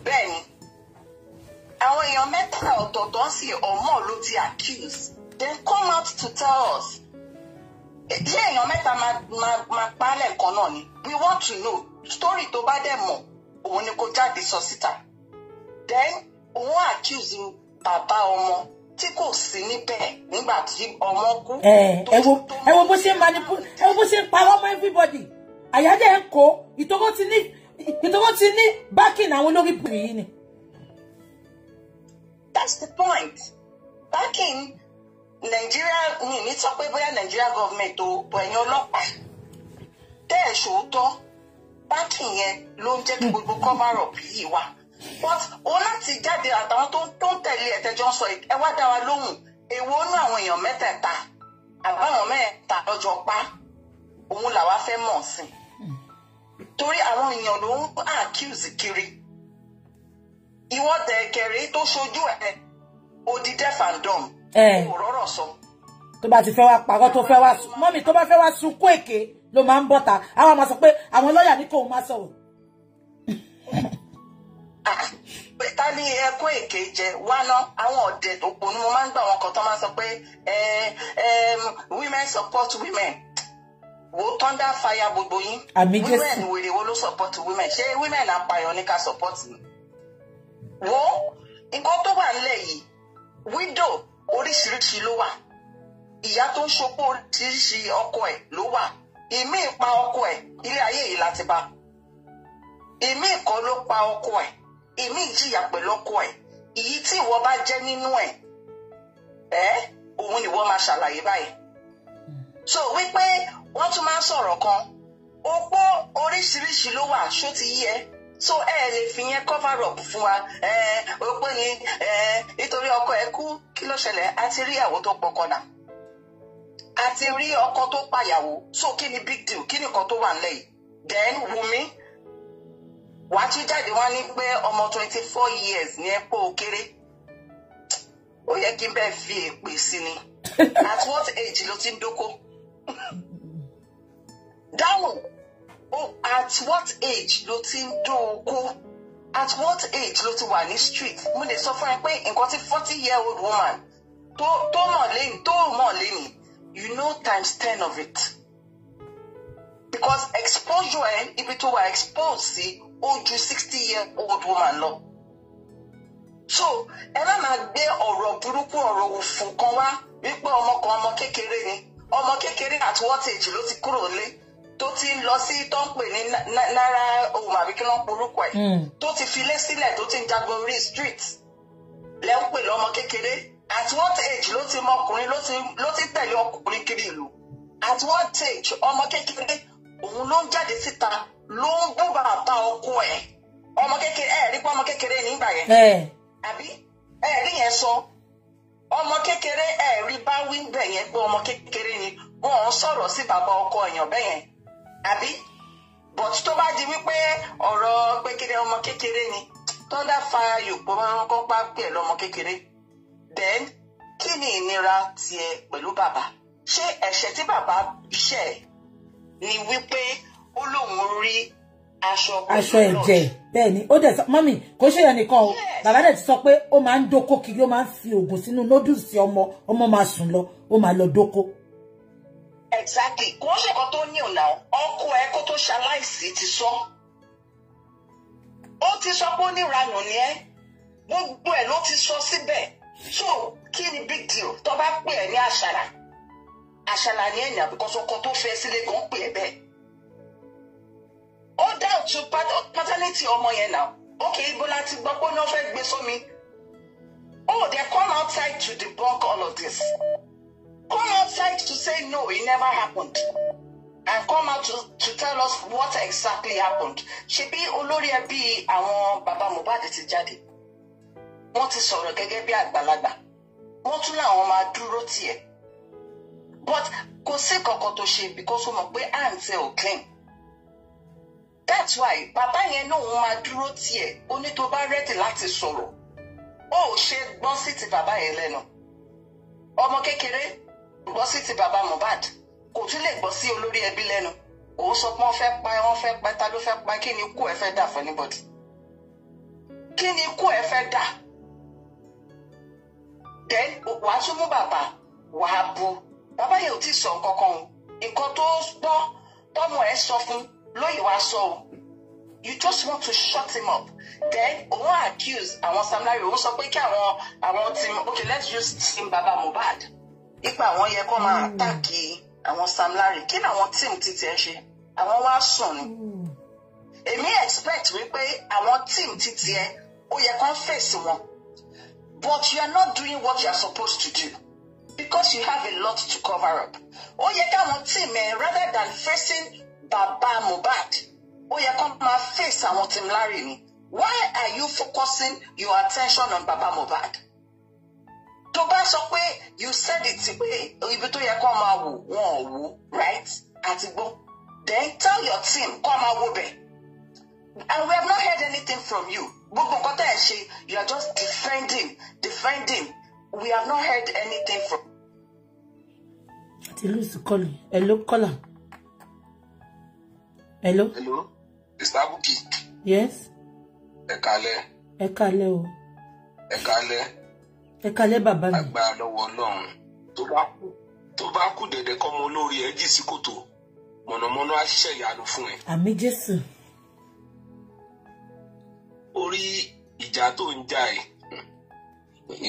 bẹ́ẹ̀ ni àwọn èèyàn mẹ́ta ọ̀tọ̀ọ̀tọ̀ sì ọ̀mọ́ ló ti accuse then come out to tell us ṣé èèyàn mẹ́ta máa pálẹ̀ kan náà ni we want to know story tó bá dẹ̀ mọ̀ òun ni kò jáde sọ síta then òun accuse bàbá ọmọ tí kò sí níbẹ̀ nígbà tí ọmọ kú. ẹ ẹ wo ẹ wo bó ṣe manipulate ẹ wo bó ṣe parọ́ mọ́ everybody àyájẹ́ ń kó ìtọ́kọ́ ti ní ìtọ́kọ́ ti ní bákìn àwọn olórí bùrì yìí ni. that's the point bákìn nàìjíríà mi ní sọ pé bóyá nàìjíríà gọọmenti o bọ ẹ̀yin ọlọ́pàá tẹ ẹ ṣòótọ́ báńkì yẹn ló ń jẹ́ kí gbogbo cover up yìí wà but o láti jáde àtàwọn tó tó ń tẹ̀lé ẹtẹjọ ń sọ ẹ wá dá wa lóhùn èwo nú àwọn èèyàn mẹ́tẹ̀ẹ̀ta àbáwọn mẹ́ta lọ́jọ́ pa òun làwa fẹ́ mọ̀ sí torí àwọn èèyàn ló ń accuse kiri ìwọ́de kẹrì tó ṣojú ẹ̀ odi deaf and dumb kò rọ́rọ̀ sọ. tó bá ti fẹ́ wá parọ́ tó fẹ́ wá mọ́mì tó bá fẹ́ wá sunkún èké ló máa ń bọ́ta àwọn máa sọ pé àwọn lọ́ọ̀yà ní kò máa sọ̀rọ̀. ta ni ẹkún èké jẹ wá ná àwọn ọ̀dẹ̀ òpònú mo máa ń gbà wọn kan tó máa sọ pé women support women wo thunder fire gbogbo yín women wèrè wo ló support women ṣé women apààyàn ní ká support wo nǹkan tó wà nílẹ̀ yìí widow oríṣiríṣi ló wà ìyá tó ń ṣopó oríṣiríṣi ọkọ ẹ̀ ló wà ìmí pa ọkọ ẹ̀ ilé ayé yìí láti bá ìmí kọ́ ló pa ọkọ ẹ̀ ìmí jìyà pẹ̀lú ọkọ ẹ̀ èyí tí ìwọ bá jẹ́ nínú ẹ̀ ẹ́ òun ni wọ́n máa ṣàlàyé báyìí so wípé wọ́n tún máa ń sọ̀rọ̀ kan opó oríṣiríṣi ló wà ṣó ti yẹ so ẹ lè fi yẹn cover up fún wa ó pé ní nítorí ọkọ ẹ kú kí ló ṣẹlẹ̀ a ti rí ìyàwó tó pọkànnà a ti rí ọkọ tó pàyàwó so kí ni big deal kí ni nǹkan tó wà nílẹ̀ yìí then Wumi wàá tún jáde wá ní pé ọmọ twenty four years ní ẹ pé ó kéré ó yẹ kí n bẹ́ẹ̀ fi èpè sí ni at what age ló ti ń dóko dáhùn. at what age ló ti ń dún at what age ló ti wà ní street mo lè sọ fún ẹ pé nǹkan forty year old woman tó tó mọ̀ lẹ́yìn tó mọ̀ lẹ́yìn you know times ten of it because exposure ẹ ibi tó wà exposed sí ó ju sixty year old woman lọ so ẹ má máa gbé ọ̀rọ̀ burúkú ọ̀rọ̀ òfò kan wá wípé ọmọ kan ọmọ kékeré ni ọmọ kékeré at what age ló ti kúrò lé tó ti ń lọ sí tó ń pè ní náírà ohun àbí kí wọ́n porúkọ ẹ̀ hmm. tó ti filé sílẹ̀ tó ti ń jagun orí street lẹ́ ń pè lọ́mọ kékeré at what age ló ti mọ ọkùnrin ló ti tẹ̀lé ọkùnrin kiri ìlú at what age ọmọ kékeré òun ló ń jáde síta ló ń bú bàbá ọkọ ẹ̀ ọmọ kékeré ẹ̀ rí pé ọmọ kékeré nígbà yẹn àbí ẹ̀ rí yẹn sọ ọmọ kékeré ẹ̀ rí bá wí bẹ̀ yẹn pé ọmọ kékeré ni wọn ò sọ̀rọ̀ sí bàbá ọkọ èèyàn bẹ́yẹn àbí but tó bá di wípé ọ̀rọ̀ pékeré ọmọ kékeré ni thunder fire yòpọ̀ máa ń kọ́pá pẹ̀ lọ́mọ kékeré then kí ni ìnira tiẹ̀ pẹ̀lú bàbá ṣé ẹ̀ṣẹ̀ tí bàbá ṣẹ̀ ni wípé ó lóun rí aṣọ aṣọ ẹ̀jẹ̀ bẹ́ẹ̀ ni ó dẹ̀ sọ mọ́mì kò ṣe yẹn nìkan o bàbá dẹ̀ ti sọ pé ó máa ń dóko kiri ó máa ń fi oògùn sínú nódùsì ọmọ ọmọ máa sùn lọ ó máa lọ dóko exactly kò ń ṣe nǹkan tó ní ọ̀nà ọkọ ẹ kó tó ṣaláìsí ti sọ ó ti sọ pé ó ní ìranù ni ẹ gbogbo ẹ ló ti sọ síbẹ̀ so kí ni big deal tó bá pè ẹ ní àṣàrà àṣàlà ni ẹ̀yìn àbíkọ́sọ́kọ́ tó fẹ́ sílé gan pè é bẹ́ẹ̀. ó dáhùn tu pátánítì ọmọ yẹn náà ókè ibo láti gbọ́ pé ó náà fẹ́ gbé sómi. ó dẹ̀ come outside to debunk all of this. Come outside to say no, it never happened. And come out to, to tell us what exactly happened. She be Oloria àwọn and Baba ti jáde. Wọ́n ti sọ̀rọ̀ gẹ́gẹ́ bí àgbàlagbà. Wọ́n tún làwọn máa But kò sí kankan tó because ó mọ̀ and say ò clean. That's why bàbá Yeno náà òun máa dúró tiẹ̀ ó ní tó bá rẹ́dì láti sọ̀rọ̀. Baba ò ṣe gbọ́n sí gbọ́ sí ti bàbá Mohbad kò tún lè gbọ́ sí olórí ẹbí lẹ́nu òun sọ pé wọ́n fẹ́ pa wọ́n fẹ́ pa ta ló fẹ́ pa kí ni ikú ẹ̀ fẹ́ dà fún anybody kí ni ikú ẹ̀ fẹ́ dà then wàá tún mú bàbá wàá bu bàbá yìí ò tí ì sọ nǹkan kan o nǹkan tó gbọ́ tọ́mọ ẹ̀ sọ fún lóyìn wàá sọ o you just want to shut him up then òun accuse àwọn Sam Larry òun sọ pé kí àwọn àwọn team okay let's use team baba Mohbad ipa àwọn yẹ kó máa hmm. tàkì àwọn Sam Larry kí làwọn tíìmù ti tiẹ̀ ṣe àwọn wá sùn ni hmm. èmi expect wípé àwọn tíìmù ti tiẹ̀ ó yẹ kó fèsì wọn but you are not doing what you are supposed to do because you have a lot to cover up ó yẹ káwọn tíìmù ẹ rather than facing baba Mohbad ó yẹ kó máa fèsì àwọn Team Larry ni why are you focusing your attention on baba Mohbad tó bá sọ pé you said it pé ibi tó yẹ kó máa wò wọn ò wò right àti gbọ́ then tell your team kó máa wò bẹ̀ and we have not heard anything from you gbogbo nǹkan tẹ̀ ẹ̀ ṣe you are just defending defending we have not heard anything from. àti lùsù kọlù ẹ kọlà. hello. hello mr abuki. yes. ẹ kalẹ̀. ẹ kalẹ̀ o. ẹ kalẹ̀ ẹ kalẹ́ bàbá mi. agbára lọ́wọ́ ọlọ́run tó bá kú tó bá kú dẹ̀dẹ̀ kọ́ ọmọ olórí ẹ jì sí kòtò mọ̀nàmọ́ná á ṣiṣẹ́ ìyanu fún ẹ. àmín jésù. orí ìjà tó ń jà ẹ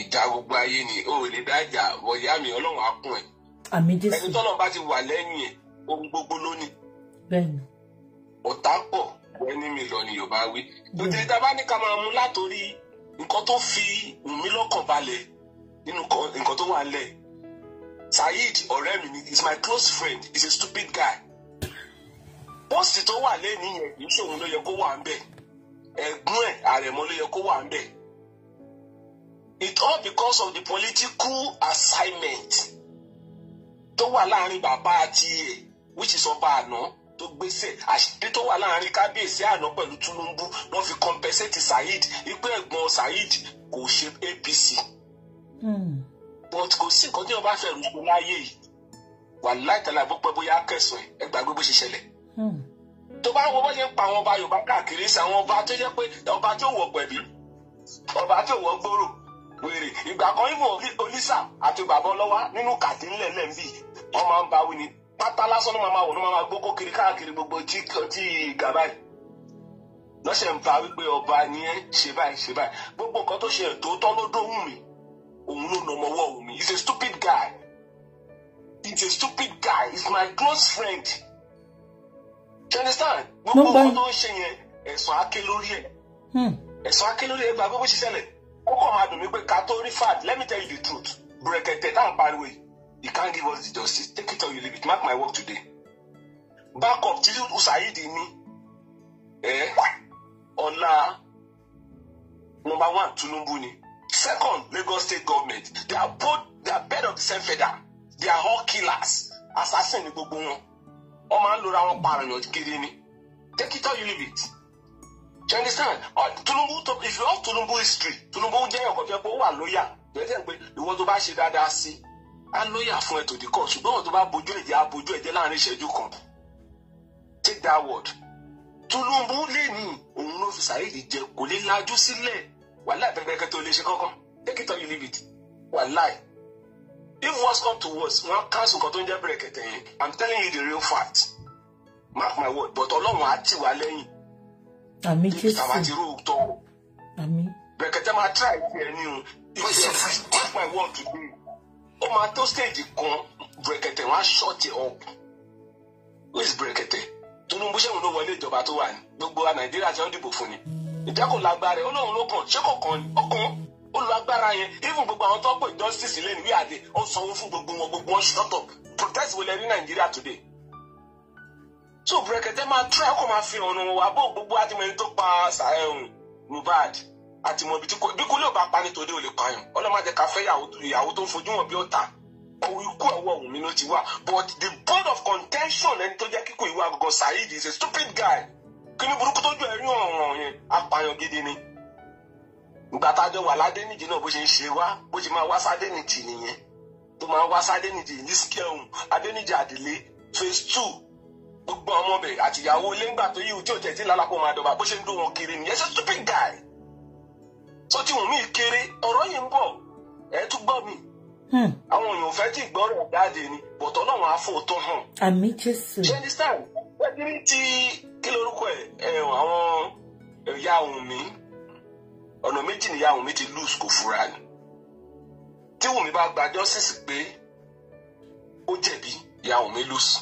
ìjà gbogbo ayé ni o ò lè dá ìjà wọ̀nyá mi ọlọ́run á kún ẹ. àmín jésù. ẹni tọ́lọ́ bá ti wà lẹ́yìn ẹ ohun gbogbo lónìí. bẹ́ẹ̀ni. ọ̀tá pọ̀ wẹ́ni mi lọ ni yorùbá wí. tòtẹ́ bá ní ká máa mú látòrí nǹkan tó fi Wùnmí lọ́kàn balẹ̀ nínú nǹkan tó wà lẹ̀ Saheed ọ̀rẹ́ mi is my close friend is a stupid guy post tó wà lẹ́nu yẹn kì í ṣòun ló yẹ kó wà ń bẹ̀ ẹ̀gbọ́n ẹ̀ àrẹ̀mọ ló yẹ kó wà ń bẹ̀ it all because of the political assignment tó wà láàrin bàbá àti ẹ̀ which is ọba àná. No? tó gbéṣẹ àṣírí tó wà láàrin kábíyèsí àná pẹ̀lú Tinubu wọ́n fi compensate Saheed wípé ẹ̀gbọ́n Saheed kò ṣe APC hmm. but kò sí nǹkan tí wọ́n bá fẹ̀rù fún láyé yìí wàláì tàlà bó pẹ́ bóyá kẹsàn-án ẹ gbàgbé bó ṣe ṣẹlẹ̀ hmm. tó bá wọ bó ṣe ń pa àwọn ọba Yorùbá káàkiri sí àwọn ọba tó jẹ́ pé ọba tó wọ pẹ̀bí ọba tó wọ gbòòrò wèrè ìgbà kan ìmọ̀ onísà àti bàbá ọlọ́wà nínú kàtí lẹ́ńbì wọ́n máa ń bá wí ni pátá lásán ló máa wò ló máa gbókó kiri káàkiri gbogbo tí ìgà báyìí lọ́sẹ̀ ń fa wípé ọba ni ẹ ṣe báyìí ṣe báyìí gbogbo nǹkan tó ṣe tòótọ́ ló dóhùn mi òun ló nà ọmọwọ́ òun mi he's a stupid guy he's a stupid guy he's my close friend you understand gbogbo nǹkan tó ń ṣe yẹn ẹ̀sùn aké lórí ẹ̀ hmm. ẹ̀sùn aké lórí ẹ̀ gbàgbé bó ṣe ṣẹlẹ̀ ó kàn máa dùn mí pé ká tó rí fad let me tell you the truth bùrẹ̀kẹ̀tẹ̀ tá à ń pariwo yìí You can't give us the justice. Take it or you leave it. Mark my work today. Back up till Usaid in me. Eh? Ọ̀la number one Tinubu ni. Second Lagos state government. They are both they are bed of the same feather. They are all killers. Assassin ni gbogbo wọn. Wọ́n ń lora wọn pààyàn kiri ni. Take it or you leave it. Do you understand? Tinubu if you want Tinubu history, Tinubu jẹ́ ọ̀kan tó yẹ kó wà lóyà. Ìwọ́n tó bá ṣe dáadáa sí i á lóyà fún ẹ tòdì kọ ṣùgbọ́n wọn tó bá bojú ẹ̀jẹ̀ á bojú ẹ̀jẹ̀ láàrin ìṣẹ́jú kan take that word Tinubu lè ní òun ló fi Saheed jẹ kò lè lajú sílẹ̀ wàhálà ìpẹ́pẹ́kẹ́ tó lè ṣe kankan take it or you leave it wàhálà if words come to words, wọn cancel nǹkan tó ń jẹ́ bẹ̀rẹ̀kẹ̀tẹ̀ yẹn i'm telling you the real fact mark my word but ọlọ́run á tì wá lẹ́yìn àmì jésù tàbátìrú tọ́ àmì bẹ̀rẹ̀kẹ̀tẹ̀ máa try ẹ̀ ní o if you mark my word today ó máa tó stage kan brekete wọn á ṣọ́ọ̀tì up wíìsì brekete Tinubu ṣẹ́wọ̀n ló wọlé ìjọba tó wà ní gbogbo Nàìjíríà tí wọ́n dìbò fún ni ìjákò lágbára ẹ̀ olóhùn ló kàn ṣé kò kàn ọkàn ó lo agbára yẹn even gbogbo àwọn tó ń pè justice lẹ́nu wíwáde ó sanwó fún gbogbo wọn gbogbo wọn shut up protest wọlé ní Nàìjíríà today so brekete máa try ọkọ̀ máa fi ọ̀nà wà bó gbogbo àtìmọ́ni tó pa eh, Mohbad àti mọ ibi tí kò bí kúlẹ̀ ò bá pa nítorí olè pààyàn ọlọ́mọdé ká fẹ́ ìyàwó tó ń fojú wọn bí ọ̀tá ikú ọwọ́ òun mi ló ti wà but the board of contention ẹni tó jẹ́ kíkó ìwà àgọ́ Saheed is a stupid guy kí ni burúkú tójú ẹ̀rí ọ̀ràn yẹn apààyàn gidi ni ìgbà tá a jọ wà ládẹ́nìjì náà bó ṣe ń ṣe wá bó ṣe máa wá sádẹ́nìjì nìyẹn tó máa wá sádẹ́nìjì ní skẹ́hùn adẹ́nìjì àdìlé phase two gbogbo ọmọ bẹ̀ àtìyàwó lẹ́ngbà tó yí ojú òjẹ̀ tí lálàpọ̀ máa dọ̀bà bó ṣe ń dún wọn kiri nìyẹn ṣe stupid guy tó ti wù mí kéré ọ̀rọ̀ yìí ń bọ̀ ẹ tún gbọ́ mi. Hmm. àwọn èèyàn fẹ́ tí ìgbọ́rọ̀ jáde ni bọ̀tọ̀ náà á fò tó hàn. àmì jésù. jenny wẹ́gírí ti kí lorúkọ ẹ̀ àwọn ìyá òun mi ọ̀nà méjì ni ìyá òun mi ti lose kò fura ni tí wùmí bá gba justice pé ó jẹ̀bi ìyá wùmí lose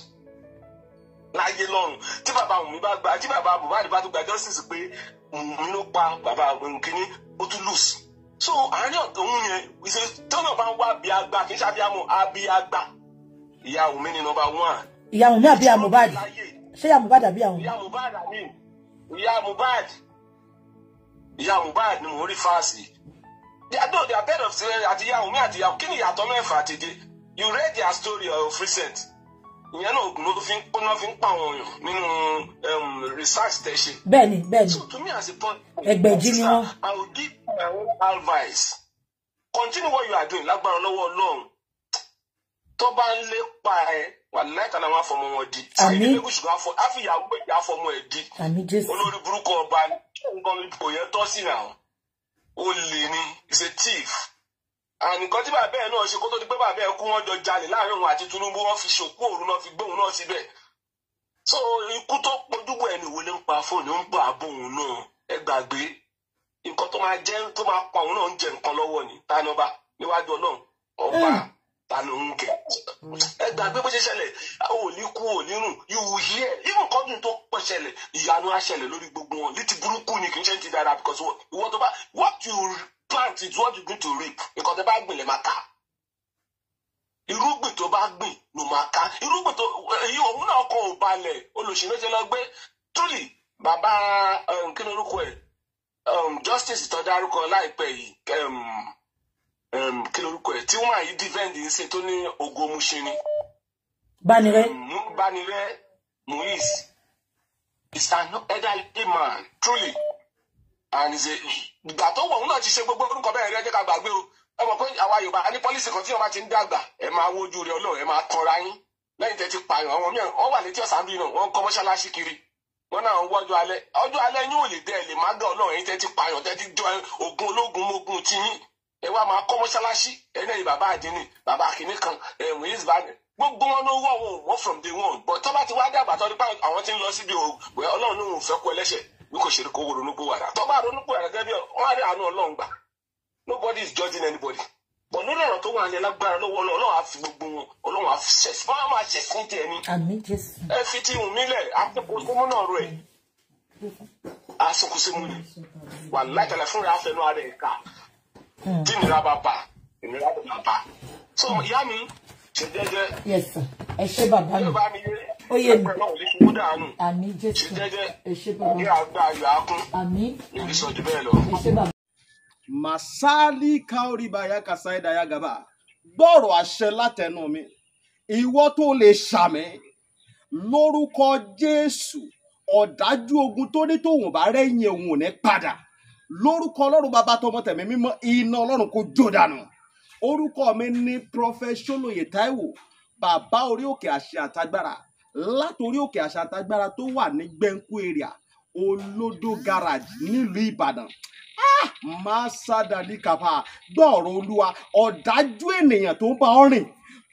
láyé lọ́run tí bàbá wùmí bá gba tí bàbá Mohbad bá tún gba justice pé òun ló pa bàbá nkíní ó tún lùsì so àárín òun yẹn ìṣe tọ́nà bá ń wá bí agba kì í ṣàbíamọ àbí agba ìyá Wùmí ni number one. ìyá Wùmí àbí ìyá Mohbad ṣé ìyá Mohbad àbí ìyá Wùmí. ìyá Mohbad àmì ìyá Mohbad ìyá Mohbad ni mo rí fáàsì àdó the abed of sire àti ìyá Wùmí àti ìyá kí ni ìyàtọ̀ mẹ́fà àtẹ̀jẹ́ you read their story of recent ìyẹn náà oògùn ló fi ń pọ́n náà fi ń pa àwọn èèyàn nínú um, research tẹ̀ ṣe. bẹ́ẹ̀ni bẹ́ẹ̀ni so to me as a point. ni wọn. I will give my own advice continue what you are doing lágbára lọ́wọ́ Ọlọ́run tó bá ń lépa ẹ wà láìka náà wọn afọmọ wọn di. àmì ẹgbẹ́gùsù kan afọ àfìyàwó gbèjà afọmọ ẹ di. àmì Jésù olórí burúkú ọba nǹkan kò yẹ tọ́ náà ó lè ní is a thief ànìkan tí bàbá ẹ náà ṣe kó tó di pé bàbá ẹ kú wọn jọ jalè láàrin òun àti Tinubu wọn fi ṣòkú òru náà fi gbóhùn náà síbẹ̀ so ikú tó pojúbọ ẹni wo ló ń pa fóònù ń bọ àbò òun náà ẹ gbàgbé nǹkan tó máa jẹ tó máa pa òun náà ń jẹ nǹkan lọ́wọ́ ni tánọba níwájú Ọlọ́run ọba hmm ta ló ń kẹ mm. ẹ gbàgbé bó ṣe ṣẹlẹ̀ ò ní kú ò ní rùn you will hear even kọ́dún tó pọ̀ ṣẹlẹ̀ ìyanu á ṣẹlẹ̀ lórí gbogbo wọn ní ti burúkú ni kì í ṣe ti dára because ìwọ tó bá what you plant is what you going to reap nǹkan tó bá gbìn lè máa ká irúgbìn tó bá gbìn ló máa ká irúgbìn tó èyí òun náà kọ ò balẹ̀ olùṣèlú ṣe lọ gbé truly bàbá um, kí lorúkọ ẹ um, justice tó dárúkọ láìpẹ́ yìí um, kí lorúkọ tí wọ́n àyí defend ń ṣe tó ní ogo muṣini. Banire. Banire Muiz is an elderly man truly and is a ìgbà tó wọ̀ òun náà ti ṣe gbogbo orúkọ bẹ́ẹ̀ rẹ́ jẹ́ ká gbàgbé o ẹ mọ̀ pé àwa Yorùbá a ní pọ́lísì kan tí wọ́n bá ti ń dàgbà ẹ máa ọlọ́run ẹ máa yín lẹ́yìn tẹ́ ti pààyàn àwọn mìíràn wọ́n wà létí ọ̀sán náà wọ́n kọ́ mọ́ṣáláṣí kiri náà ń alẹ́ ọjọ́ alẹ́ yín ò lè dẹ́ ti pààyàn ẹ wá máa kọ́ mọ́ṣáláṣí ẹ̀yìn bàbá àdínì bàbá àkíní kan ẹ̀wọ̀n yìí gbogbo wọn ló wọ̀ wọn wọ́n from day one but tọ́ba ti wá dàgbà tọ́ nípa àwọn tí ń lọ síbi òwe ọlọ́run ní òun fẹ́ kú ẹlẹ́ṣẹ̀ bí kò ṣe kó ronúpó wàrà tọ́ba ronúpó wàrà gẹ́gẹ́ bí wọ́n àánú ọlọ́run gbà nobody is judging anybody bọ̀ lórí ọ̀rọ̀ tó wà ní ẹlágbára lọ́wọ́ ọlọ́run á gbogbo wọn ọlọ́run á fi ṣẹ̀sìn máa ṣẹ̀sìn tiẹ̀ ni ẹ fi ti hùn nílẹ̀ akẹ́kọ̀ọ́ tó tí hmm. ìnira bá bà ìnira bá bà bà so ìyá mi ṣe jẹ́jẹ́. yes sir ẹ ṣé bàbá mi ó yé mi àmì jésù ẹ ṣé bàbá mi àmì ẹ ṣé bàbá. masali kaori baya kasai daya gaba gbọ́rọ̀ àṣẹ látẹnu mi ìwọ tó lè ṣàmì lórúkọ jésù ọ̀dájú ogun tó ní tòun bá rẹ́yìn òun ò ní padà lórúkọ ọlọ́run bàbá tọmọ tẹ̀mí mímọ́ iná ọlọ́run kò jó dànù orúkọ mi ní prọfẹsọlóye Táíwò bàbá orí òkè àṣẹ àtagbára látòrí òkè àṣẹ àtagbára tó wà ní gbẹ̀ǹkú area olódó garage nílùú Ìbàdàn ah! máa sádàdí kàfà gbọ́ọ̀rọ̀ olúwa ọ̀dájú ènìyàn tó ń bá ọ rìn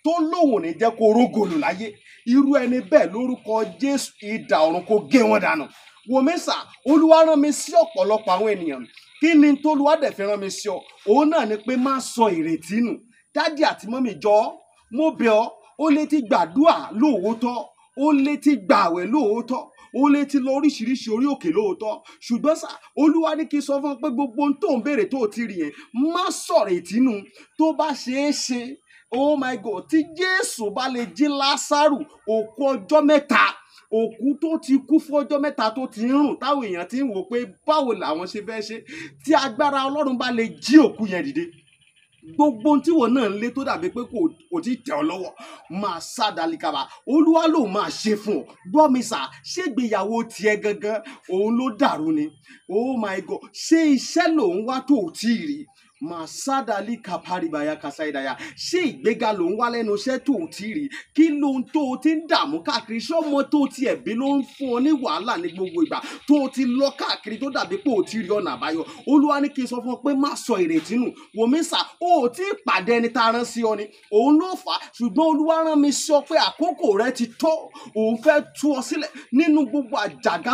tó lóun ò ní jẹ́ kó rógòlù láyé irú ẹni bẹ́ẹ̀ lórúkọ Jésù idà ọ̀run kó gé wọn dànù wò mí sà olúwa rán mi sí ọ̀pọ̀lọpọ̀ àwọn ènìyàn kí ni tolúwa dẹ̀ fi rán mi sí ọ òun náà ni pé má sọ ìrètí nù dádì àti mọ́mì jọ mo bẹ̀ ọ́ ó lè ti gbàdúà lóòótọ́ ó lè ti gbàwẹ̀ lóòótọ́ ó lè ti lọ oríṣiríṣi orí òkè lóòótọ́ ṣùgbọ́n sá olúwa ní kí n sọ fún ọ pé gbogbo ohun tó ń béèrè tó ti rí yẹn má sọ̀rọ̀ ìtínú tó bá ṣeé ṣe oh my god ti jésù bá lè jí lásàrù òkú ọjọ́ mẹ́ta òkú tó ti kú fọ́jọ́ mẹ́ta tó ti ń rùn táwọn èèyàn ti ń wò pé báwo làwọn ṣe fẹ́ ṣe tí agbára ọlọ́run bá lè jí òkú yẹn dìde gbogbo ohun tíwọ náà ń lé tó dàbí pé kò tí ì tẹ̀ ọ́ lọ́wọ́ máa sá dalikaba olúwa ló máa ṣe fún ọ gbọ́ mi sà ṣégbéyàwó tiẹ̀ gangan òun ló dàrú ni oh my god ṣé iṣẹ́ lòun wá tó ò tí ì rí i màsádàlì kàpárìbàyà kàsáìdàyà ṣé ìgbéga ló ń wá lẹ́nu iṣẹ́ tó ti rí kí ló ń tó o ti ń dààmú káàkiri ṣé ọmọ tó ti ẹ̀bí ló ń fún ọ ní wàhálà ní gbogbo ìgbà tó o ti lọ káàkiri tó dàbí pé o ti rí ọ̀nà àbáyọ olúwa ní kí n sọ fún ọ pé má sọ ìrètí nù wòmísà o ò tí ì pàdé ẹni tá a rán sí ọ ni òun ló fà á ṣùgbọ́n olúwa rán mi sọ pé àkókò rẹ ti tó òun fẹ́ tú ọ sílẹ̀ nínú gbogbo àjàgà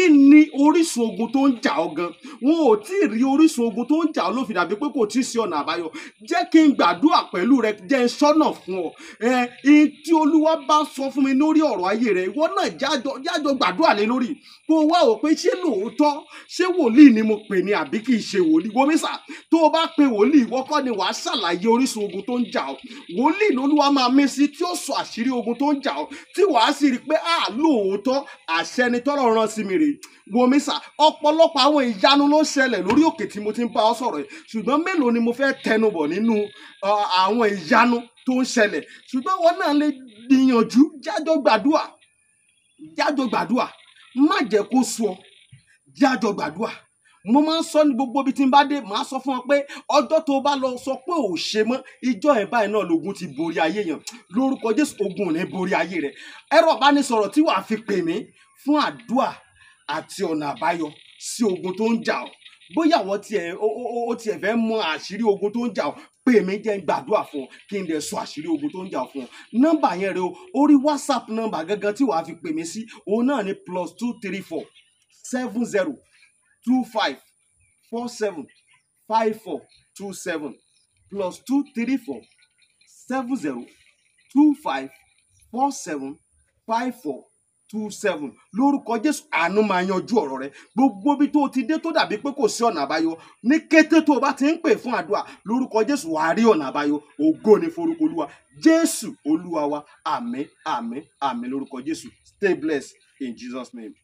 kí ni orísun ogun tó ń jà ọ́ gan wọn ò tí ì rí orísun ogun tó ń jà ọ́ ló fi dàbí pé kò tí ì sí ọ̀nà àbáyọ jẹ́ kí n gbàdúrà pẹ̀lú rẹ jẹ́ n sọ́nà fún ọ ẹ tí olúwa bá sọ fún mi lórí ọ̀rọ̀ ayé rẹ ìwọ náà jájọ gbàdúrà lé lórí kó wá wò pé ṣé lóòótọ́ ṣé wòlíì ni mo pè ní àbí kì í ṣe wòlíì wo tó o bá pe wòlíì ìwọ ni wàá ṣàlàyé orísun ogun tó ń jà ọ́ wòlíì lolúwa máa mí sí tí ó sọ àṣírí ogun tó ń jà ọ́ tí wàá sì rí i pé a lóòótọ́ àṣẹ ni tọ́lọ̀ rán sí mi rèé wo ọ̀pọ̀lọpọ̀ àwọn ìyanu ló ń ṣẹlẹ̀ lórí òkè tí mo ti ń bá ọ sọ̀rọ̀ yìí ṣùgbọ́n mélòó ni mo fẹ́ tẹnubọ̀ nínú àwọn ìyanu tó ń ṣẹlẹ̀ ṣùgbọ́n wọn náà lè gbìyànjú jájọ́ gbàdúà jájọ́ gbàdúà má jẹ́ kó sú ọ jẹ́ àjọ gbàdúrà mo máa ń sọ ní gbogbo ibi tí n bá dé màá sọ fún ọ pé ọjọ́ tó bá lọ sọ pé ò ṣe mọ́ ìjọ ẹ̀ báyìí náà lògùn ti borí ayé yẹn lórúkọ jésù ogun ò ní borí ayé rẹ ẹ̀rọ ìbánisọ̀rọ̀ tí wàá fi pè mí fún àdúà àti ọ̀nà àbáyọ sí ogun tó ń jà ọ́ bóyá àwọn tiẹ̀ fẹ́ mọ àṣírí ogun tó ń jà ọ́ pé èmi jẹ́ ń gbàdúrà fún ọ kí n lè sọ àṣírí ogun tó ń jà fún ọ nọ́mbà yẹn rẹ o orí whatsapp nọ́mbà gangan tí wàá fi pè mí sí òun náà ni plus two three four seven zero two five four seven five four two seven plus two three four seven zero two five four seven five four two seven lórúkọ jésù àánú máa yanjú ọ̀rọ̀ rẹ gbogbo bí tó o ti dé tó dàbí pé kò sí ọ̀nà àbáyọ ní kété tó o bá ti ń pè fún àdúrà lórúkọ jésù wàá rí ọ̀nà àbáyọ ògo ni forúkọ olúwa jésù olúwa wa àmín àmín àmín lórúkọ jésù stay blessed in jesus name.